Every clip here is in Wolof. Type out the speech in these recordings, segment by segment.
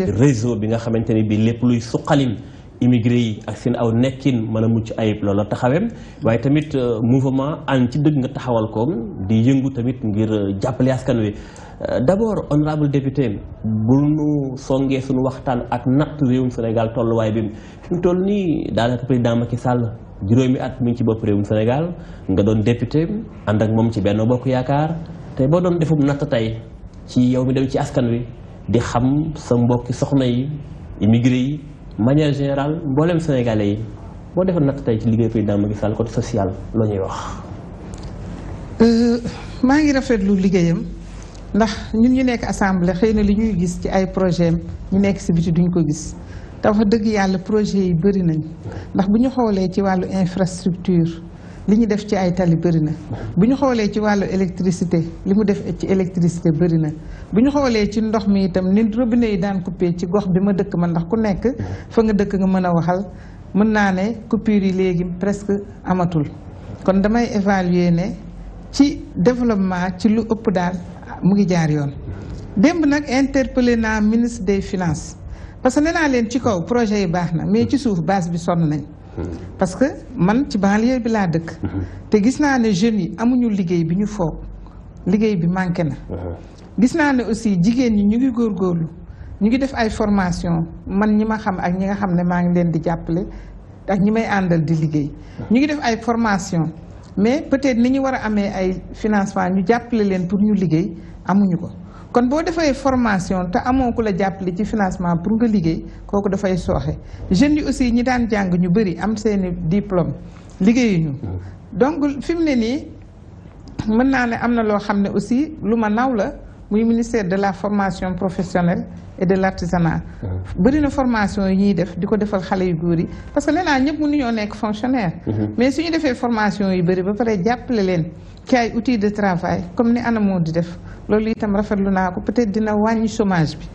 réseau bi nga xamante ni bii lépp luy suqalim immigré yi ak seen aw nekkin mën a mucc ayib loola taxawem waaye tamit euh, mouvement ànd ci dëgg nga taxawal ko di yëngu tamit ngir euh, jàppale askan wi euh, d'abord honorable député bu nu songee suñu waxtaan ak natt réewum Sénégal tolluwaay bi fi toll nii daanaka président Macky Sall juróomi at mi ci bopp réewum Sénégal nga doon député ànd ak moom ci benn bokk yaakaar te boo doon defum natt tey ci yow mi dem ci askan wi di xam sa mbokki soxna yi immigré yi manière générale mboolem sénégalais yi boo defoon natt tey ci liggéey président Macky Sall côté social loo ñuy wax. Euh, maa ngi rafetlu liggéeyam ndax ñu ñu nekk assemblée xëy na li ñuy gis ci ay projet ñu nekk si biti duñ ko gis te wax dëgg yàlla projet yi bëri nañ ndax bu ñu xoolee ci wàllu infrastructure. li ñu def ci ay tali bëri na bu ñu xoolee ci wàllu électricité li mu def ci électricité bëri na bu ñu xoolee ci ndox mi itam ni robinet yi daan coupé ci gox bi ma dëkk man ndax ku nekk fa nga dëkk nga mën a waxal mën naa ne coupure yi léegi presque amatul kon damay évaluer ne ci développement ci lu ëpp daal ah, mu ngi jaar yoon démb nag interpellé naa ministre des finances parce que ne naa leen ci kaw projet yi baax na mais ci suuf base bi sonn nañ parce que man ci banlieue bi laa dëkk. Mm-hmm. te gis naa ne jeunes yi amuñu liggéey bi ñu foog liggéey bi manqué na. Uh-huh. gis naa ne aussi jigéen ñi ñu ngi góorgóorlu ñu ngi def ay formation man ñi ma xam ak ñi nga xam ne maa ngi leen di jàppale ak ñi may àndal di liggéey. Uh-huh. ñu ngi def ay formation mais peut-être ni ñu war a amee ay financement ñu jàppale leen pour ñu liggéey amuñu ko. kon boo defee formation te amoo ku la jàppale ci financement pour nga liggéey kooku dafay sooxe jeunes yi aussi ñi daan jàng ñu bëri am seeni diplôme liggéeyuñu donc fi ni, ne nii mën naa ne am na aussi lu ma naw ministère de la formation professionnelle et de l'artisanat. artisanat hmm. bëri formation yi ñuy def diko ko defal xale yu góor parce que nee naa ñëpp mënuñoo nekk fonctionnaire hmm. mais suñu defee formation yu bëri ba pare jàppale leen ci ay outils de travail comme ni ANAMO di def loolu itam rafetlu naa ko peut-être dina wàññi somage bi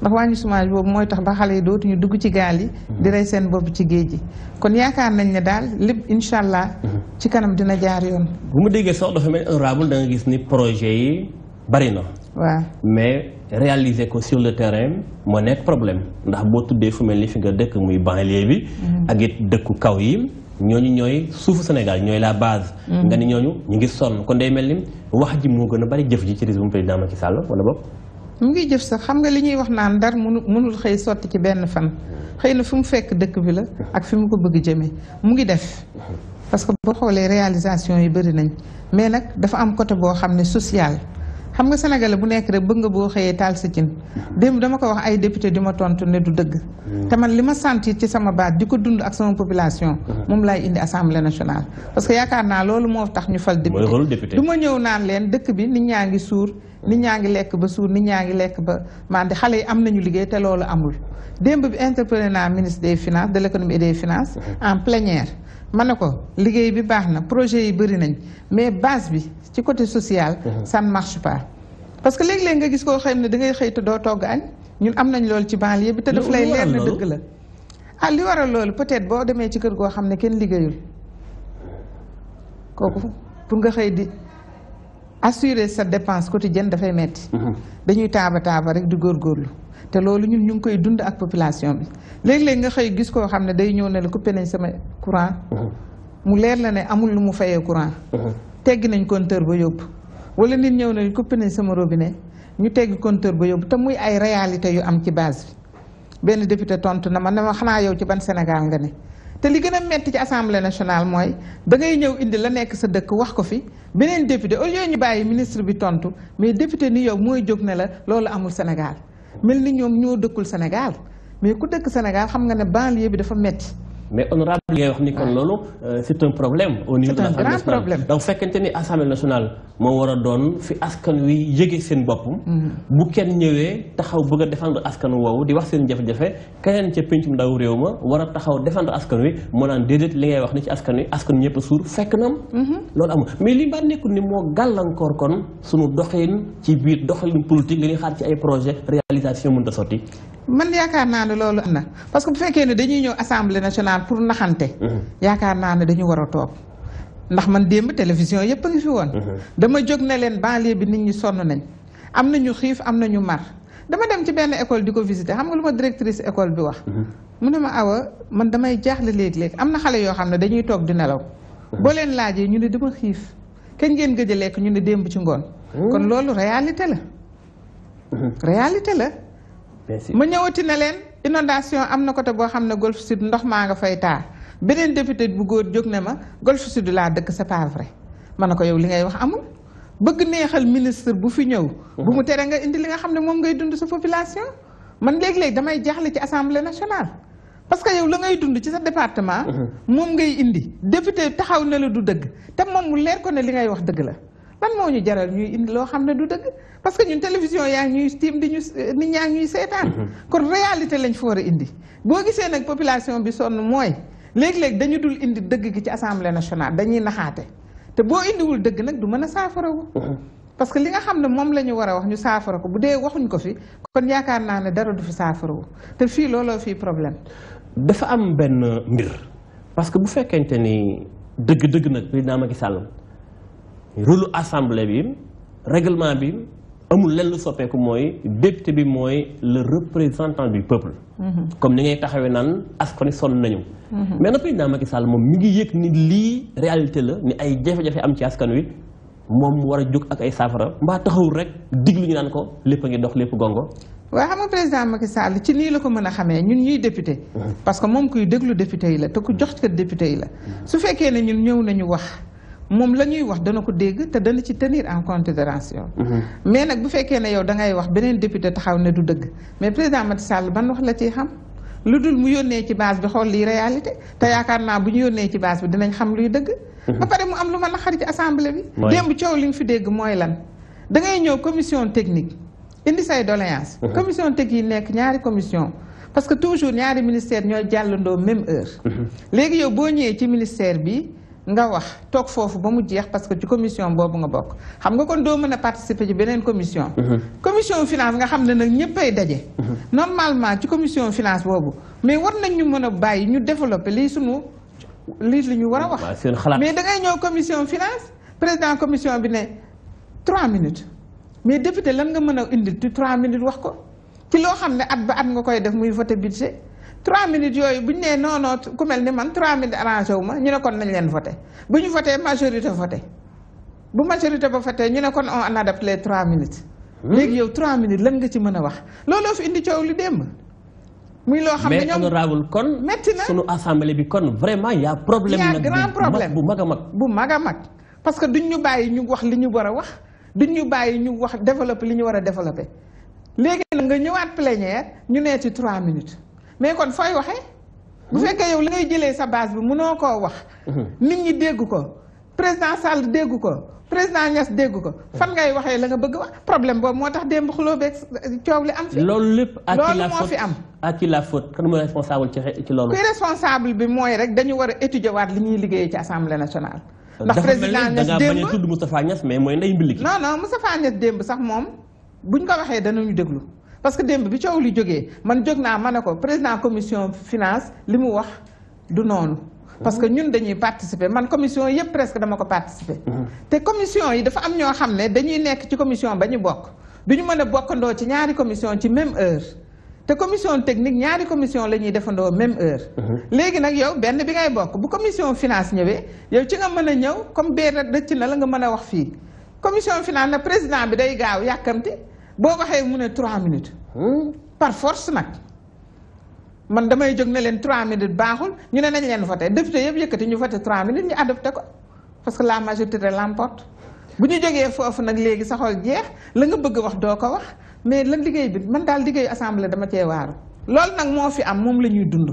ndax wàññi chômage boobu mooy tax ba xale yi ñu dugg ci gaal yi. Mhm. di rey seen bopp ci géej gi kon yaakaar nañ ne daal lépp incha allah. Mhm. ci kanam dina jaar yoon. bu mu déggee sax dafa mel honorable da gis ni projet yi bari na. mais réaliser ko sur le terrain moo nekk problème ndax boo tuddee fu mel ni fi nga dëkk muy banlieue bi. Mhm. ak it dëkku kaw yi. ñooñu ñooy suufu Sénégal ñooy la base. Mm-hmm. nga ni ñooñu ñu ngi sonn kon day mel ni wax ji moo gën a bari jëf ji ci régime président Macky Sall wala boog. mu ngi jëf sax xam nga li ñuy wax naan dar mënu mënul xëy sotti ci benn fan. xëy na fu mu fekk dëkk bi la ak fi mu ko bëgg jëmee mu ngi def. parce que boo xoolee réalisation yi bëri nañ mais nag dafa am côté boo xam ne social. xam nga sénégalais bu nekk rek bëgg nga boo xëyee taal sa cin démb dama ko wax ay député di ma tontu ne du dëgg mm. te man li ma sentir ci sama baat di ko dund ak sama population mm. moom laay indi assemblée nationale parce que yaakaar naa loolu moo tax ñu fal député du ma ñëw naan leen dëkk bi nit ñaa ngi suur ni ñaa ngi lekk ba suur nit ñaa ngi lekk ba man di xale yi am nañu liggéey te loolu amul démb bi interpellé naa ministre des finances de l'économie de des finances mm. en ma ne ko liggéey bi baax na projet yi bëri nañ mais base bi ci côté social. san mhm. marche pas parce que léeg-léeg nga gis koo xam ne dangay xëy te doo togg añ ñun am nañ lool ci banlieue bi te daf lay leer na dëgg la. ah li waral loolu peut-être boo demee ci kër goo xam ne kenn liggéeyul kooku pour nga xëy di assurer sa dépense jenn dafay metti mhm. dañuy taaba taaba rek di góor góorgóorlu. te loolu ñun ñu ngi koy dund ak population bi léegi léeg nga xëy gis koo xam ne day ñëw ne la coupé nañ sama courant mm-hmm. mu leer la ne amul lu mu fayee courant mm-hmm. teggi nañ compteur ba yóbbu wala nit ñëw ne coupé nañ sama robinet ñu teggi compteur ba yóbbu te muy ay réalité yu am ci base bi benn député tontu na ma ne ma xanaa yow ci ban Sénégal nga ne te li gën a metti ci assemblée nationale mooy da ngay ñëw indi la nekk sa dëkk wax ko fi beneen député au lieu ñu bàyyi ministre bi tontu mais député ni yow mooy jóg ne la loolu amul Sénégal mel ni ñoom ñoo dëkkul Sénégal mais ku dëkk Sénégal xam nga ne banlieue bi dafa metti mais honorable li ngay wax ni kon loolu euh, c'est un problème au niveau de l'Assemblée nationale donc fekkente ni Assemblée nationale moo war a doon fi askan wi yëge seen bopp mm-hmm. bu kenn ñëwee taxaw bëgg a défendre askan woowu di wax seen jafe-jafe keneen ca péncum ndaw réew ma war a taxaw défendre askan wi moo naan déedéet li ngay wax ni ci askan wi askan ñëpp a suur fekk nam mm-hmm. loolu amul mais li mbaa nekkul ni moo gàllankoor kon sunu doxin ci biir doxalin politique li ñuy ci ay projet réalisation mën ta sotti man yaakaar naa ne loolu am na parce que bu fekkee ne dañuy ñëw assemblée nationale pour naxante. Mm-hmm. yaakaar naa ne dañu war a toog ndax man démb télévision yëpp a ngi fi woon. Mm-hmm. dama jóg ne leen banlieue bi nit ñi sonn nañ am na ñu xiif am na ñu mar dama dem ci benn école di ko visiter xam nga lu ma directrice école bi wax. Mm-hmm. mu ne ma awa man damay jaaxle léegi léeg am na xale yoo xam ne dañuy toog di nelaw. boo leen laajee ñu ne dama xiif kañ ngeen gëj a lekk ñu ne démb ci ngoon. kon loolu réalité mu ñëwati na leen inondation am na côté boo xam ne Golf Sud ndox maa nga fay taa beneen député bu góor jóg ne ma Golf Sud laa dëkk sa pas vrai ma ne ko yow li ngay wax amul bëgg neexal ministre bu fi ñëw. Mhm. bu mu tere nga indi li nga xam ne moom ngay dund sa population. man léeg-léeg damay jaaxle ci assemblée nationale parce que yow la ngay dund ci sa département. Mhm. moom ngay indi député taxaw na la du dëgg te moom mu leer ko ne li ngay wax dëgg la. ban moo ñu jaral ñuy indi loo xam ne du dëgg parce que ñun télévision yaa ngi ñuy tiim di ñu eh, nit ñaa ngi ñuy seetaan. Mm-hmm. kon réalité lañ fa war a indi. boo gisee nag population bi sonn mooy léeg-léeg dañu dul indi dëgg gi ci assemblée nationale dañuy naxaate te boo indiwul dëgg nag du mën a saafarawu. Mm-hmm. parce que li nga xam ne moom la ñu war a wax ñu saafara ko bu dee waxuñ ko fi kon yaakaar naa ne dara du fi saafarawu te fii looloo fii problème. dafa am benn mbir parce que bu fekkente ni dëgg-dëgg nag président Macky Sall rôle assemblée bi règlement bi amul lenn lu soppeeku mooy député bi mooy la représentant du peuple. Mhm. comme ni ngay taxawee naan askan wi sonn nañu. Mhm. mais a président Macky Sall moom mi ngi la ni ay jafe-jafe am ci askan wi moom war a jóg ak ay saafara mbaa taxawul rek diglu ñu naan ko lépp a ngi dox lépp gongo. waaw xam nga président Macky Sall ci nii la ko mën a xamee ñun ñuy député. Mhm. parce que moom kuy déglu député yi la te ku jox ko député yi la. su fekkee ne ñun ñëw nañu wax. moom la ñuy wax dana ko dégg te dana ci tenir en considération mhm. mais nag bu fekkee ne yow da ngay wax beneen député taxaw ne du dëgg mais président Macky Sall ban wax la ciy xam lu dul mu yónnee ci base bi xool lii réalité te yaakaar naa bu ñu yónnee ci base bi danañ xam luy dëgg mhm. ba pare mu am lu ma naqari ci assemblée bi démb coow li nga fi dégg mooy lan da ngay ñëw commission technique indi say doléance mhm. commission technique nekk ñaari commission parce que toujours ñaari ministère ñooy jàllandoo même heure léegi yow boo ñëwee ci ministère bi nga wax toog foofu ba mu jeex parce que ci commission bobu nga bok. xam nga kon do meuna participer ci benen commission. Mhm. commission finance nga xamne ne ñeppay dajé. Mhm. normalement ci commission finance bobu mais war nañ ñu mën a ñu développer li sunu li ñu wara wax. mais da ngay ñëw commission finance président commission bi né trois minutes mais député lan nga mën indi ci trois minutes wax ko ci lo xamne ne at ba at nga koy def muy voter budget trois minutes yooyu bu ñu nee non ku mel ni man trois minutes arrangé wu ma ñu ne kon nañ leen voté bu ñu voté majorité voté bu majorité ba voté ñu ne kon on adapte les trois minutes. Hmm? léegi yow trois minutes lan nga ci mën a wax looloo fi indi coow li démb. muy loo xam ne ñoom mais honorable kon. métti na sunu assemblée bi kon vraiment y' a problème. y' a grand bu mag a bu mag a mag que duñ ñu bàyyi ñu wax li ñu war a wax duñ ñu bàyyi ñu wax développé li ñu war a développé léegi nag nga ñëwaat plénière ñu nee ci trois minutes. mais kon fooy waxee. bu hmm? fekkee yow li ngay jëlee sa base bi mënoo koo wax. Hmm. nit ñi dégg ko président Sall dégg ko président Niass dégg ko fan ngay waxee la nga bëgg wax problème boobu moo tax démb xuloo beeg coow li am. fi loolu lépp loolu moo fi am. à qui la faute kan mooy responsable ci ci loolu. kuy responsable bi mooy rek dañu war a étudier waat li ñuy liggéeyee ci assemblée nationale. ndax président Niass démb dafa mel a tudd Moustapha Niass mais mooy ndey mbiliki. non non Moustapha ko waxee danañu déglu. parce que démb bi coow li jógee man jogna naa ko président commission finance limu wax du noonu. parce que ñun dañuy participer man commission yëpp presque dama ko participer. té commission yi dafa am ño xamné dañuy nekk ci commission bañu bok duñu mëna ñu ci ñaari commission ci même heure té commission technique ñaari commission lañuy ñuy même heure. légui nak yow benn bi ngay bok bu commission finance ñëwé yow ci nga mëna ñëw comme bee rëcc na la nga mëna wax fi commission finance na président bi day gaaw yakamti boo waxee mu ne trois minutes hmm? par force nag man damay jóg na leen trois minutes baaxul ñu ne nañ leen voté député yëpp yëkkati ñu voté trois minutes ñu adopté ko parce que la majorité l'emporte bu ñu jógee foofu nag léegi sa jeex la nga bëgg a wax doo ko wax mais lan liggéey bi man daal liggéeyu assemblée dama cee waaru loolu nag moo fi am moom la ñuy dund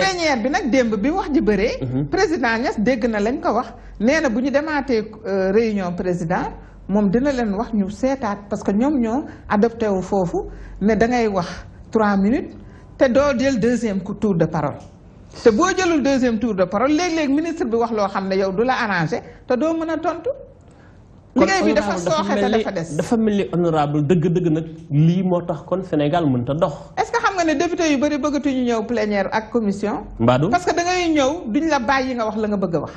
première bi nag démb bi wax ji bëree mhm. président Niass dégg na lañ ko wax nee na bu ñu demaatee euh, réunion président mom dina len wax ñu sétat parce que ñom ñoo adopté wu fofu né da ngay wax 3 minutes té do jël deuxième tour de parole. té bo jëlul deuxième tour de parole lég lég ministre bi wax lo xamné yow dula arranger té do mëna tontu. liggéey bi dafa sooxe te dafa dess dafa mel honorable deug deug nak li motax kon Sénégal mënta dox. est-ce que xam nga né député yu bari bëggatu ñu ñëw plénière ak commission. parce que da ngay ñëw duñ la bàyyi nga wax la nga bëgg wax.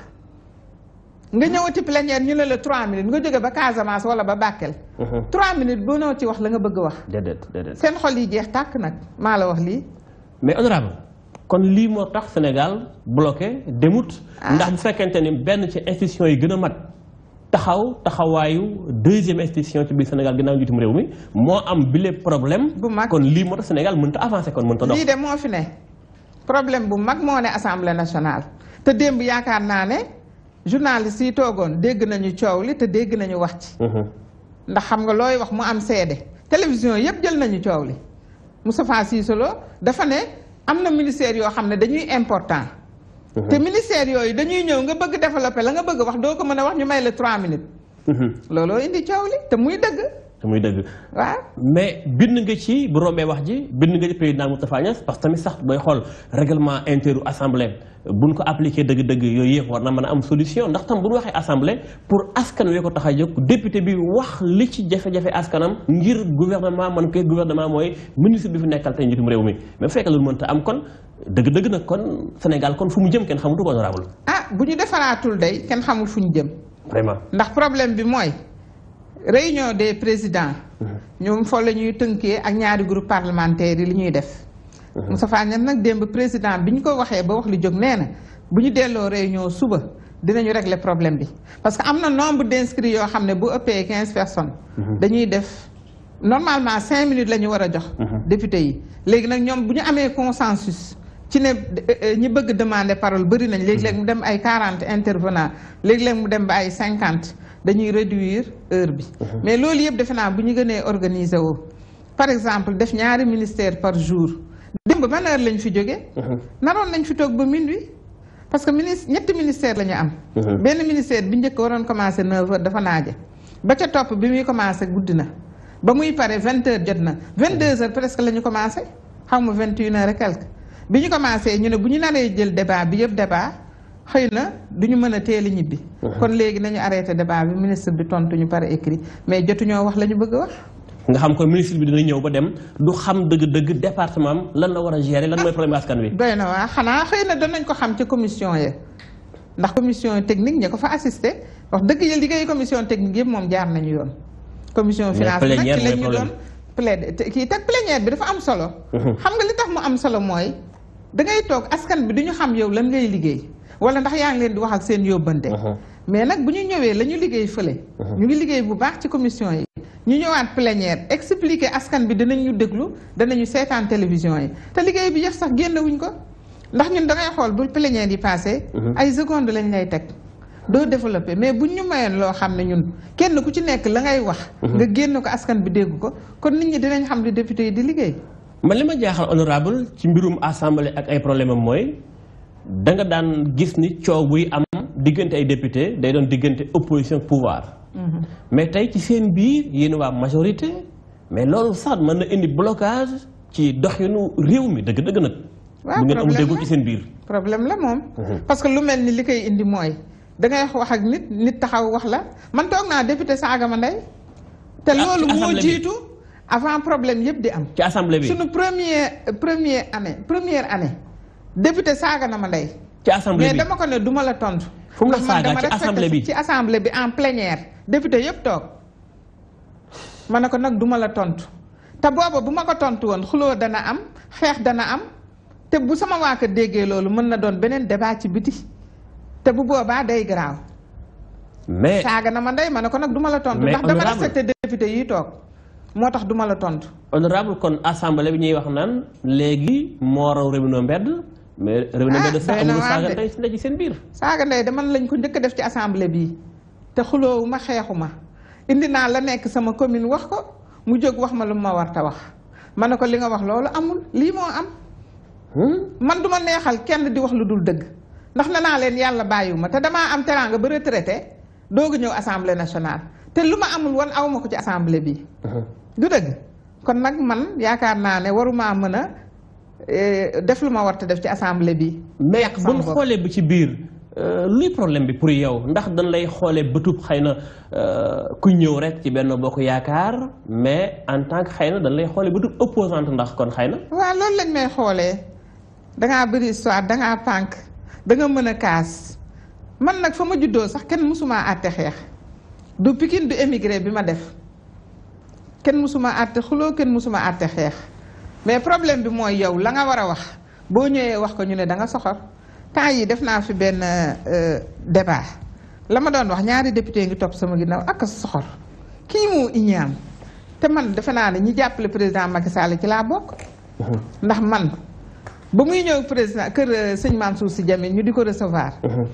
nga ñëwati plénière ñu ne la 3 minutes nga jóge ba Casamance wala ba Bakel. 3 uh-huh. minutes bu noo ci wax la nga bëgg wax. déedéet déedéet seen xol yi jeex tàkk nag maa la wax lii. mais honorable kon lii moo tax Sénégal bloqué demut. Ah. ndax bu fekkente ni benn ci institution yi gën a mat. taxaw taxawaayu deuxième institution ci biir Sénégal ginnaaw njiitum réew mi moo am bile problème. bu mag kon lii moo tax Sénégal mënut a avancé kon mënut a dox. lii de moo fi ne problème bu mag moo ne assemblée nationale te démb naa ne. journaliste yi toogoon dégg nañu coow li te dégg nañu wax ci ndax xam nga looy wax mu am seede télévision yëpp jël nañu coow li Moustapha Cissé Lo dafa ne am na ministère yoo xam ne dañuy important te ministère yooyu dañuy ñëw nga bëgg développer la nga bëgg wax doo ko mën a wax ñu may la trois minutes looloo indi coow li te muy dëgg te muy dëgg. mais bind nga ci bu rombee wax ji bind nga ci président Moustapha Niass parce que tamit sax booy xool règlement intérieur assemblée buñ ko appliqué dëgg-dëgg yooyu yëpp war na mën a am solution ndax tam bu ñu waxee assemblée pour askan wi ko tax a jóg député bi wax li ci jafe-jafe askanam ngir gouvernement man koy gouvernement mooy ministre bi fi nekkal tey njiitum réew mi mais bu fekkee loolu mënta am kon dëgg-dëgg nag kon Sénégal kon fu mu jëm kenn xamutu ko honorable ah bu ñu defaraatul day kenn xamul fu ñu jëm. vraiment réunion des président ñoom foofu la ñuy tënkee ak ñaari groupe parlementaire yi li ñuy def. Moustapha Niasse nag démb président bi ñu ko waxee ba wax li jóg nee na bu ñu delloo réunion suba dinañu regle problème bi parce que am na nombre d' inscrits yoo xam ne bu ëppee quinze personnes. dañuy def normalement cinq minutes la ñu war a jox. député yi léegi nag ñoom bu ñu amee consensus. ci ne euh, euh, ñi bëgg demander parole bëri nañ léegi-léeg mu dem ay quarante intervenant léegi-léeg mu dem ay cinquante dañuy réduire heure bi mhm. mais loolu yëpp defe naa bu ñu gënee organiser woo par exemple def ñaari ministère par jour démb ban heure lañ fi jóge mhm. naroon nañ fi toog ba minuit parce que ministre ñetti ministère la ñu am mhm. benn ministère bi njëkk waroon commencé neuf heures dafa naaje ba ca topp muy commencé guddi na ba muy pare vingt heures jot na vingt deux heures presque la ñu commencé xaw ma vingt une heures et quelque bi ñu commencé ñu ne bu ñu naree jël débat bi yëpp débat xëy na du ñu mën a teel a ñibbi. kon léegi nañu arrêté débat bi ministre bi tontu ñu par écrit mais jotuñoo wax la ñu bëgg a wax. nga xam ko ministre bi dina ñëw ba dem du xam dëgg-dëgg département lan la war a gérer lan mooy problème askan wi. doy na waa xanaa xëy na danañ ko xam ci commission yi ndax commission technique ña ko fa assisté wax dëgg yàlla liggéeyu commission technique yëpp nañu yoon. commission finance nag ci la ñu doon kii teg plénière bi dafa am solo. xam tax mu am solo mooy da ngay toog askan bi du ñu xam yow lan ngay liggéey. wala ndax yaa ngi leen di wax ak seen yóbbante uh-huh. mais nag bu ñu ñëwee la ñu liggéey fële uh-huh. ñu ngi liggéey bu baax ci commission yi ñu ñëwaat plénière expliquer askan bi danañ ñu déglu danañu seetaan télévision yi te liggéey bi yëf sax génnewuñ ko ndax ñun da ngay xool bu plénière yi passé uh-huh. ay seconde lañ lay teg doo développé mais buñ ñu mayoon loo xam ne ñun kenn ku ci nekk la ngay wax nga génn ko askan bi dégg ko kon nit ñi dinañ xam li député yi di liggéey man li ma jaaxal honorable ci mbirum assemblée ak ay problème am mooy da nga daan gis ni coow buy am diggante ay député day doon diggante opposition pouvoir mhm. mais tey ci seen biir yéen waa majorité mais loolu sax mën na indi blocage ci doxinu réew mi dëgg-dëgg nag bu ngeen amul déggu ci seen biir problème la moom mhm. parce que lu mel ni li koy indi mooy da ngay wax ak nit nit taxaw wax la man toog naa député saaga ma ndey te ah, loolu moo jiitu avant problème yépp di am ci assemblée bi suñu premier premier année première année député saaga na ma ndey. ci assemblée bi mais dama ko ne duma la tontu. fu la saaga ci assemblée bi ci assemblée bi en plénière député yëpp toog ma ne ko nag duma la tontu te booba bu ma ko tontu woon xuloo dana am xeex dana am te bu sama waa déggee loolu mën na doon beneen débat ci biti te bu boobaa day garaaw. mais saaga na ma ndey ma ne ko nag duma la tontu. ndax dama respecté député yi toog. moo tax duma la tontu. honorable kon assemblée bi ñuy wax naan léegi moo raw réew mi mbedd. mais ah, na de sax amul saaga ndey la ci seen biir saaga ndey lañ ko njëkk def ci assemblée bi te xuloowu ma xeexu ma indi naa la nekk sama commune wax ko mu jóg wax ma lu ma war ta wax ma ne ko li nga wax loolu amul lii moo am hmm? man duma neexal kenn di wax lu dul dëgg ndax na naa leen yàlla bàyyiwu ma te damaa am teraanga ba retraité doog a ñëw assemblée national te lu ma amul woon aw ma ko ci assemblée bi uh-huh. du dëgg kon nag man yaakaar naa ne waruma mën Eh, def lu ma war def ci assemblée bi. mais buñ xoolee ba ci biir euh, luy problème bi pour yow ndax dañ lay xoolee bëtub xëy na euh, ku ñëw rek ci benn bokk yaakaar mais en tant que xëy na dañ lay xoolee ba bëtub opposante ndax kon xëy na. waaw loolu lañ may xoolee dangaa bëri histoire dangaa pànk danga mën a kaas man nag fa ma juddoo sax kenn mësumaa àtte xeex du Pikine du émigré bi ma def kenn mësumaa àtte xuloo kenn mësumaa àtte xeex. mais problème bi mooy yow la nga war a wax boo ñëwee wax ko ñu ne da nga soxor temps yi def naa fi benn euh, débat la ma doon wax ñaari député ngi topp sama ginnaaw ak soxor kii moo iñaan te man defe naa ne ñi jàppale président Macky Sall ci laa mhm. ndax man ba muy ñëw président kër euh, sëñ Mansour Sy Djamil ñu di ko recevoir. Mhm.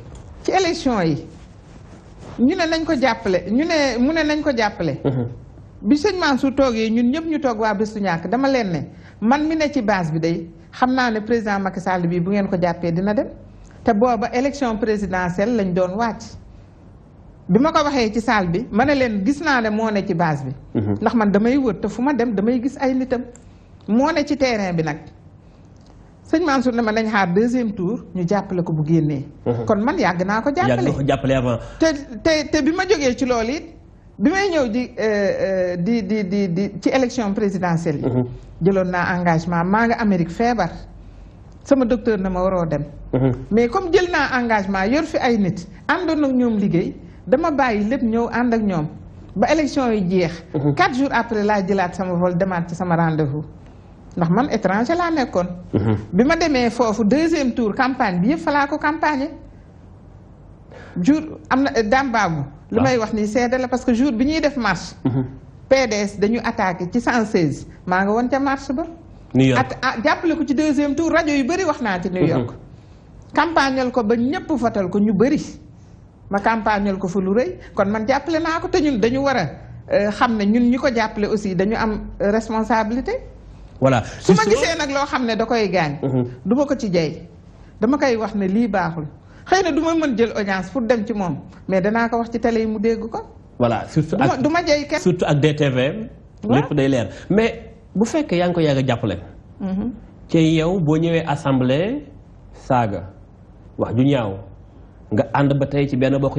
ci élection yi ñu ne nañ ko jàppale ñu ne mu ne nañ ko jàppale. Mhm. bi sëñ Mansour toogee ñun ñëpp ñu toog waa Bés du Ñàkk dama leen ne. man mi ne ci base bi day xam naa ne président Macky Sall bii bu ngeen ko jàppee dina dem te booba élection présidentielle lañ doon wàcc bi ma ko waxee ci salle bi ma ne leen gis naa ne moo ne ci base bi. Mhm. ndax man damay wër te fu ma dem damay gis ay nitam. moo ne ci terrain bi nag sëñ Mansour ne ma nañ xaar deuxième tour ñu jàppale ko bu génnee. Mhm. kon man yàgg naa ko jàppale. yàgg ko jàppale avant. te te te bi ma jógee ci loolu it bi may ñëw di euh, euh, di di di ci élection présidentielle yi. Mhm. jëloon naa engagement maa nga Amérique feebar sama docteur na ma waroo dem. Mhm. mais comme jël naa engagement yor fi ay nit àndoon ak ñoom liggéey dama bàyyi lépp ñëw ànd ak ñoom ba élection yi jeex. Mhm. quatre jours après laa jëlaat sama vol demaat ci sama rendez-vous ndax man étranger laa nekkoon. Mhm. bi ma demee foofu deuxième tour campagne bi yëpp fa ko campagne jour am na dambaabu. li ah. may wax nii seede la parce que jour bi ñuy def marche. PDS dañu attaqué ci 116 maa nga woon ca marche ba. New York at ah, jàppale ko ci deuxième tour rajo yu bëri wax naa ci New mhm. York. campagnal ko ba ñëpp votal ko ñu bëri. ma campagnal ko fa lu rëy kon man jàppale naa ko te ñun dañu war euh, xam ne ñun ñi ko jàppale aussi dañu am responsabilité. voilà su ma gisee nag loo xam ne da koy gaañ. Mhm. du ko ci jay dama koy wax ne lii baaxul xëy na du ma mën jël audience pour dem ci moom mais danaa ko wax ci tele yi mu dégg ko. voilà surtout ak DTV, day leer mais bu fekk a ci mm-hmm. yow bo ñewé assemblée saga wax ju ñaaw nga and ba Vous ci ben bokk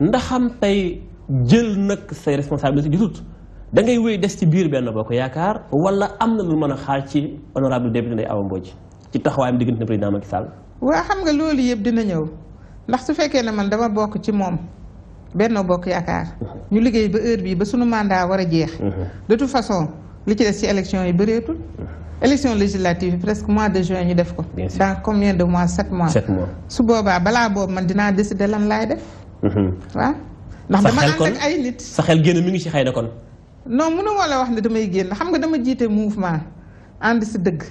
ndaxam tay jël nak responsabilité jutut da ngay wéy dess ci biir ben bokk yakar wala am lu xaar honorable député de ci taxawam de président Macky xam nga dina ndax su man dama bokk ci Benno Bokk Yaakaar ñu liggéey ba heure bii ba sunu mandat war a jeex mhm. de toute façon li ci des ci élection yi bëreetul mhm. élection législative presque mois de juin ñu def ko dans combien de mois sept mois su boobaa balaa boobu man dinaa de lan laay def mhm. waaw ndax dama ànd ak ay nit sa xel génn mi ngi ci xay na kon non mënu moo la wax ne damay génn xam nga dama jiite mouvement ànd si dëgg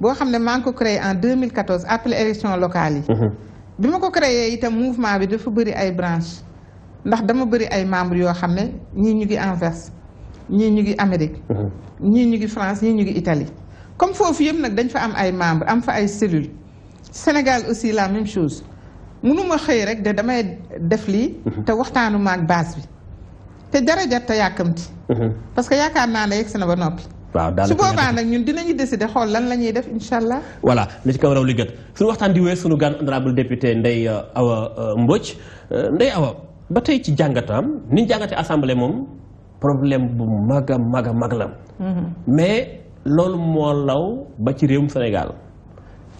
boo xam ne maa ngi ko créé en 2014 après élection locale yi bi ma dafa bëri ay branche ndax dama bëri ay membre yo xamné ñi ñu ngi envers ñi ñu ngi Amérique. ñi ñu ngi France ñi ñu ngi Italie. comme fofu yëm nak dañ fa am ay membre am fa ay cellule Sénégal aussi la même chose mënuma xëy rek de damay def li te waxtaanu ma ak base bi. te dara jar ta yakamti parce que yaakaar na ne yegg na ba nopi su boba nak ñun dinañu décider xol lan lañuy def inshallah voilà li ci kaw raw li gëtt suñu waxtaan di wé suñu gan honorable député ndey Awa Mbodj ndey Awa. ba tey ci jàngatam ni ñu jàngatee assemblée moom problème bu mag a mag a mag la. Mhm. mais loolu moo law ba ci réewum Sénégal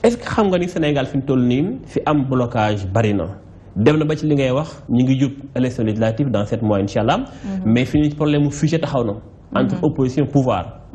est xam nga ni Sénégal fi mu toll nii fi am blocage bari na. dem na ba ci li ngay wax ñu ngi jub élection législative dans sept mois incha allah. Mhm. mais fi ñu problème mu figé taxaw na. entre mhm. opposition pouvoir.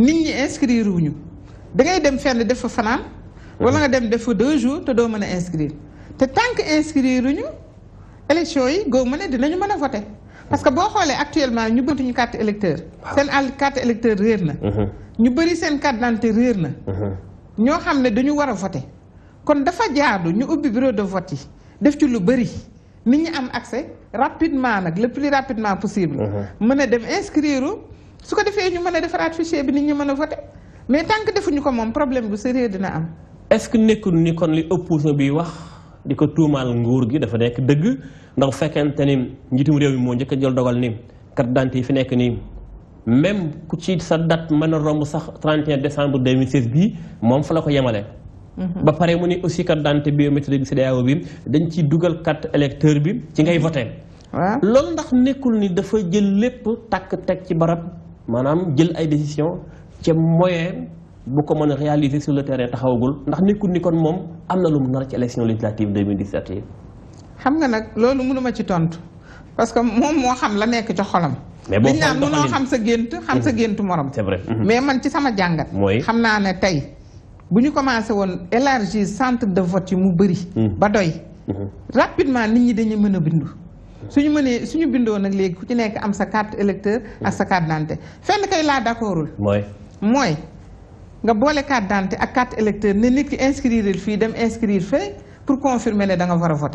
nit ñi inscrire wuñu da ngay dem fenn def fa fanaan. wala nga dem def deux jours te doo mën inscrire te tant que inscrire wuñu élection yi góob ma ne dinañu mën a voter parce que boo actuellement ñu portons ñu carte électeur c'est une carte électeur réer Nous mhm. ñu bëri carte d'identité Nous avons mhm. ñoo xam ne dañu war Quand voter kon dafa jaadu ñu ubbi bureau de vote yi def ci lu bëri nit ñi am accès rapidement le plus rapidement possible. Mhm. mën a inscrire inscrire. su ko defee ñu mën a defaraat fichier bi nit ñi mën a voté mais tant que defuñu ko moom problème bu sérieux dina am. est ce que nekkul ni kon li opposition bi wax di ko tuumaal nguur gi dafa nekk dëgg ndax fekkente ni njiitum réew mi moo njëkk a jël dogal ni carte d'identité fi nekk nii même ku ci sa date mën a romb sax 31 décembre 2016 bii moom fa la ko yemale. Mhm. ba pare mu ni aussi carte d'identité biométrique bi CEDEAO bi dañ ci dugal carte électeur bi ci ngay voté. waaw loolu ndax nekkul ni dafa jël lépp takk teg ci barab. manam jël ay décision ci moyen bu ko mën réaliser sur le terrain taxawagul ndax nekkul ni kon mom amna na lu mu ci élection législative 2017 xam nga nag loolu mënuma ci tontu parce que mom mo xam la nek ci xolam. mais boo xam mënoo xam sa gént xam sa mm-hmm. gént morom. c'est vrai mm-hmm. mais man ci sama jàngat. mooy xam naa ne tey bu commencé won élargir centre de vote yi mu bëri. Mm-hmm. ba doy. rapidement nit ñi dañuy mën bindu. su ñu mënee suñu bindoon nag léegi ku ci nekk am sa carte électeur ak sa carte d'identité fenn kay laa d'accordul mooy mooy nga boole carte d'identité ak carte électeur ne nit ki inscrire fii dem inscrire fee pour confirmer ne da nga war a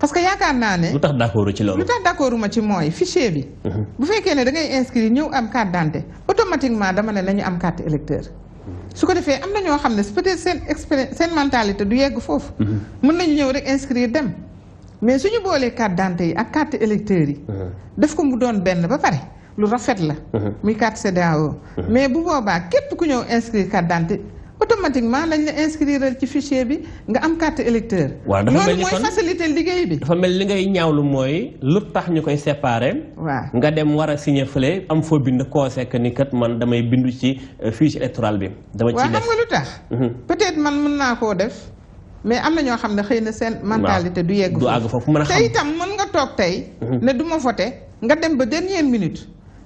parce que yaakaar naa ne. lu tax d'accord ci loolu. lu tax d'accord ma ci mooy fichier bi. Mhm. bu fekkee ne da ngay inscrire ñëw am carte d'identité automatiquement dama ne nañu am carte électeur mhm. su ko defee am na ñoo xam ne peut-être seen expérience seen du yegg foofu. Mhm. mën nañu ñëw rek inscrire dem. mais suñu boolee carte d'identité yi ak carte électeur yi uh-huh. daf ko mu doon benn ba pare lu rafet la uh-huh. muy carte CEDEAO uh-huh. mais bu boobaa képp ku ñëw inscrire carte d'identité automatiquement lañ la inscrire ci fichier bi nga am carte électeur waaw loolu mooy facilité liggéey bi dafa mel li ngay ñaawlu mooy lu tax ñu koy séparé waa nga dem war a signé fële am foo bind koosek ni kat man damay bindu ci euh, fiche électorale bi dama ci def waaw xam nga lu tax peut man mën naa def mais am na ñoo xam ne xëy na seen mentalité du yegg foofu te itam mën nga toog tey mhm. ne duma ma nga dem ba dernière minute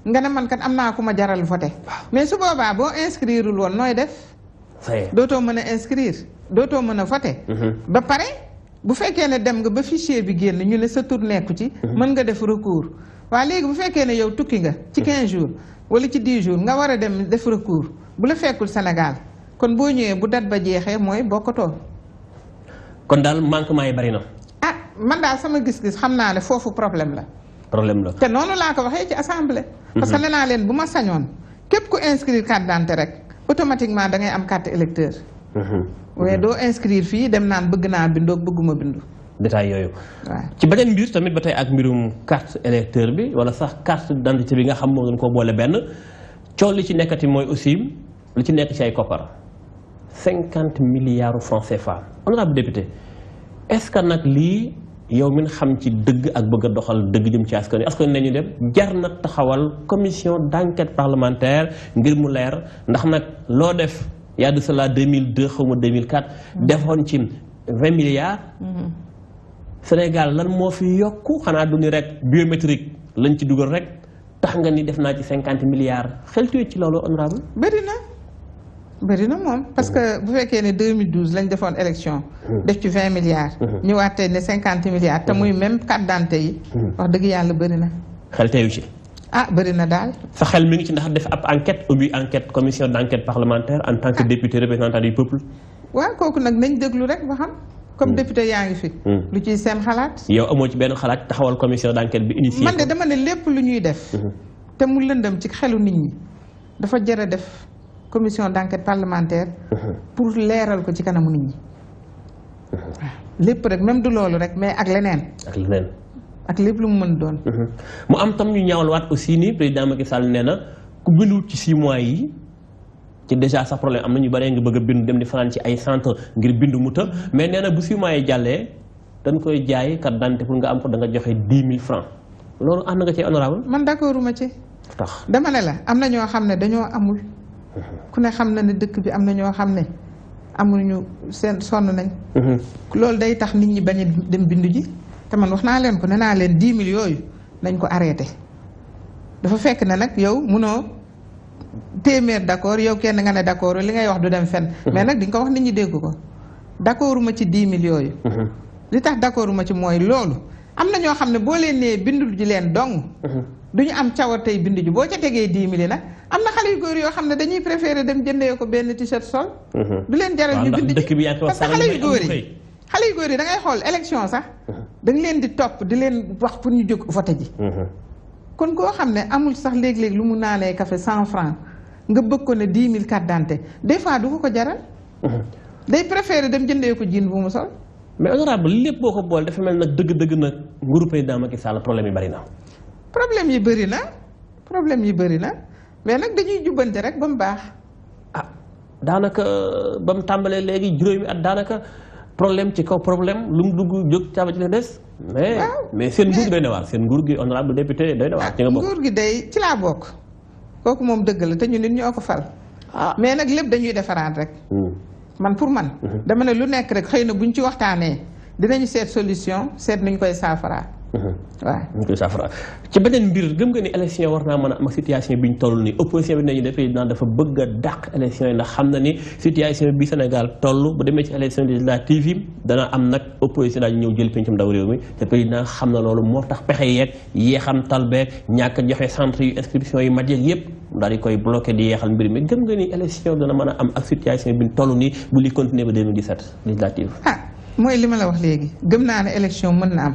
nga ne man kat am naa ku ma jaral voté mais su boobaa boo inscrireul woon nooy def dootoo mën a inscrire dootoo mën a voté mhm. ba pare bu fekkee ne dem nga ba fichier bi génn ñu ne sa tur nekku ci mhm. mën nga def recours waa léegi bu fekkee ne yow tukki nga ci 15 jours wala ci 10 jours nga war a dem def recours bu la fekkul Sénégal kon boo ñëwee bu dat ba jeexee mooy bokkatoo kon daal manquement yi bari na. ah man daal sama gis-gis xam naa ne foofu problème la. problème la te noonu laa ko waxee ci assemblée. parce que mhm. nee naa leen bu ma sañoon képp ku inscrire carte d'identité rek automatiquement da ngay am carte électeur waaye mhm. mhm. doo inscrire fii dem naan bëgg naa bindoo bëgguma bindu. détail yooyu. ci beneen mbir tamit ba tey ak mbirum carte électeur bi wala sax carte d'identité bi nga xam moo doon koo boole benn coow li ci nekkati mooy aussi lu ci nekk ci ay koppar. 50 milliards francs CFA honorable député est-ce que yow min xam ci que ak bëgg doxal deug jëm ci askan askan commission d'enquête parlementaire ngir mu leer ndax def de cela 2002 2004 defon ci 20 milliards mm-hmm. Sénégal lan mo fi yokku xana du rek biométrique lañ ci duggal rek tax nga ni def na ci 50 milliards ci honorable bëri na moom parce que bu fekkee ne 2012 lañ defoon élection. Hmm. def ci 20 milliards. Hmm. ñëwaat tey ne 50 milliards te muy hmm. même carte d'identité yi. wax dëgg yàlla bëri na. xel teyu ci. ah bëri na daal. sa xel mi ngi ci ndax def ab enquête ubbi enquête commission d' enquête parlementaire en tant que ah. député représentant du peuple. waaw kooku nag nañ déglu rek ba xam. comme député yaa ngi fi. lu ciy seen xalaat. yow amoo ci benn xalaat taxawal commission d' enquête bi initié. man de dama ne lépp lu ñuy def. te mu lëndëm ci xelu nit ñi dafa jar a def. commission d'enquête parlementaire uh-huh. pour leeral ko ci kanamu nit ñi uh-huh. ah, lepp rek même du lolu rek mais ak leneen ak leneen ak lepp lu mu mën doon uh-huh. mu am tam ñu wat aussi ni président Macky Sall néna ku bindul ci 6 mois yi ci déjà sa problème am na ñu bari nga bëgg a bind dem di fanan ci ay centre ngir bind mu të mais néna bu 6 mois yi jallé dañ koy jaay kat dante pour nga am ko da nga joxe 10000 francs lolu and nga ci honorable man d'accorduma ci tax dama ne la amna ño xamne xam dañoo amul ku ne xam na ne dëkk bi am na ñoo xam ne amuñu seen sonn nañ mhm. loolu day tax nit ñi bañ a dem bindu ji te man wax naa leen ko ne naa leen dix mille yooyu nañ ko arrêté dafa fekk ne nag yow munoo téeméer d'accord yow kenn nga ne d'accord li ngay wax du dem fen mhm. mais nag di nga ko wax nit ñi dégg ko d'accorduma ci dix mille yooyu mhm. li tax d'accorduma ci mooy loolu am na ñoo xam ne boo leen nee ji leen dong du ñu am cawartey bind ji boo ca tegee dix mille nag am na xale yu góor yoo xam ne dañuy préféré dem jëndee ko benn t-shirt sol. Mhm. du leen jaral ñu bind ji parce que xale yu góor yi xale xool élection sax mhm. da leen di topp di leen wax pour ñu jóg vote ji. Mhm. kon koo xam ne amul sax léeg-léeg lu mu naanee café cent franc nga bëgg ko ne dix mille carte d'identité des fois du ko ko jaral. day préféré dem jëndee ko jiin bu mu sol. mais honorable lépp boo ko boole dafa mel nag dëgg-dëgg nag nguuru président Macky Sall problème yi bari na. problème yi bëri na problème yi bëri na mais nag dañuy jubbante rek ba mu baax. ah daanaka euh, ba mu tàmbalee léegi juróomi at daanaka problème ci kaw problème lu mu dugg jóg caaba ci la des. mais mais seen nguur gi doy na waar seen nguur gi honorable député doy na waar. ci nga ah, gi day ci laa bokk. kooku moom dëgg la te ñu nit ñoo ko fal. Ah. mais nag lépp dañuy defaraat rek. Hmm. man pour man. Hmm. dama ne lu nekk rek xëy na buñ ci waxtaanee dinañu seet solution seet nuñ koy saafaraa waaw ñu koy saafara ci beneen mbir gëm nga ni élection war naa mën a am ak situation bi ñu toll nii opposition bi nañu ne président dafa bëgg a dàq élection yi ndax xam situation bi Sénégal toll bu demee ci élection yi dana am nag opposition daal di koy bloqué di yeexal mbir mi gëm nga ni élection dana mën a am ak situation bi ñu toll nii bu li continuer ba 2017 ah, ma mën na am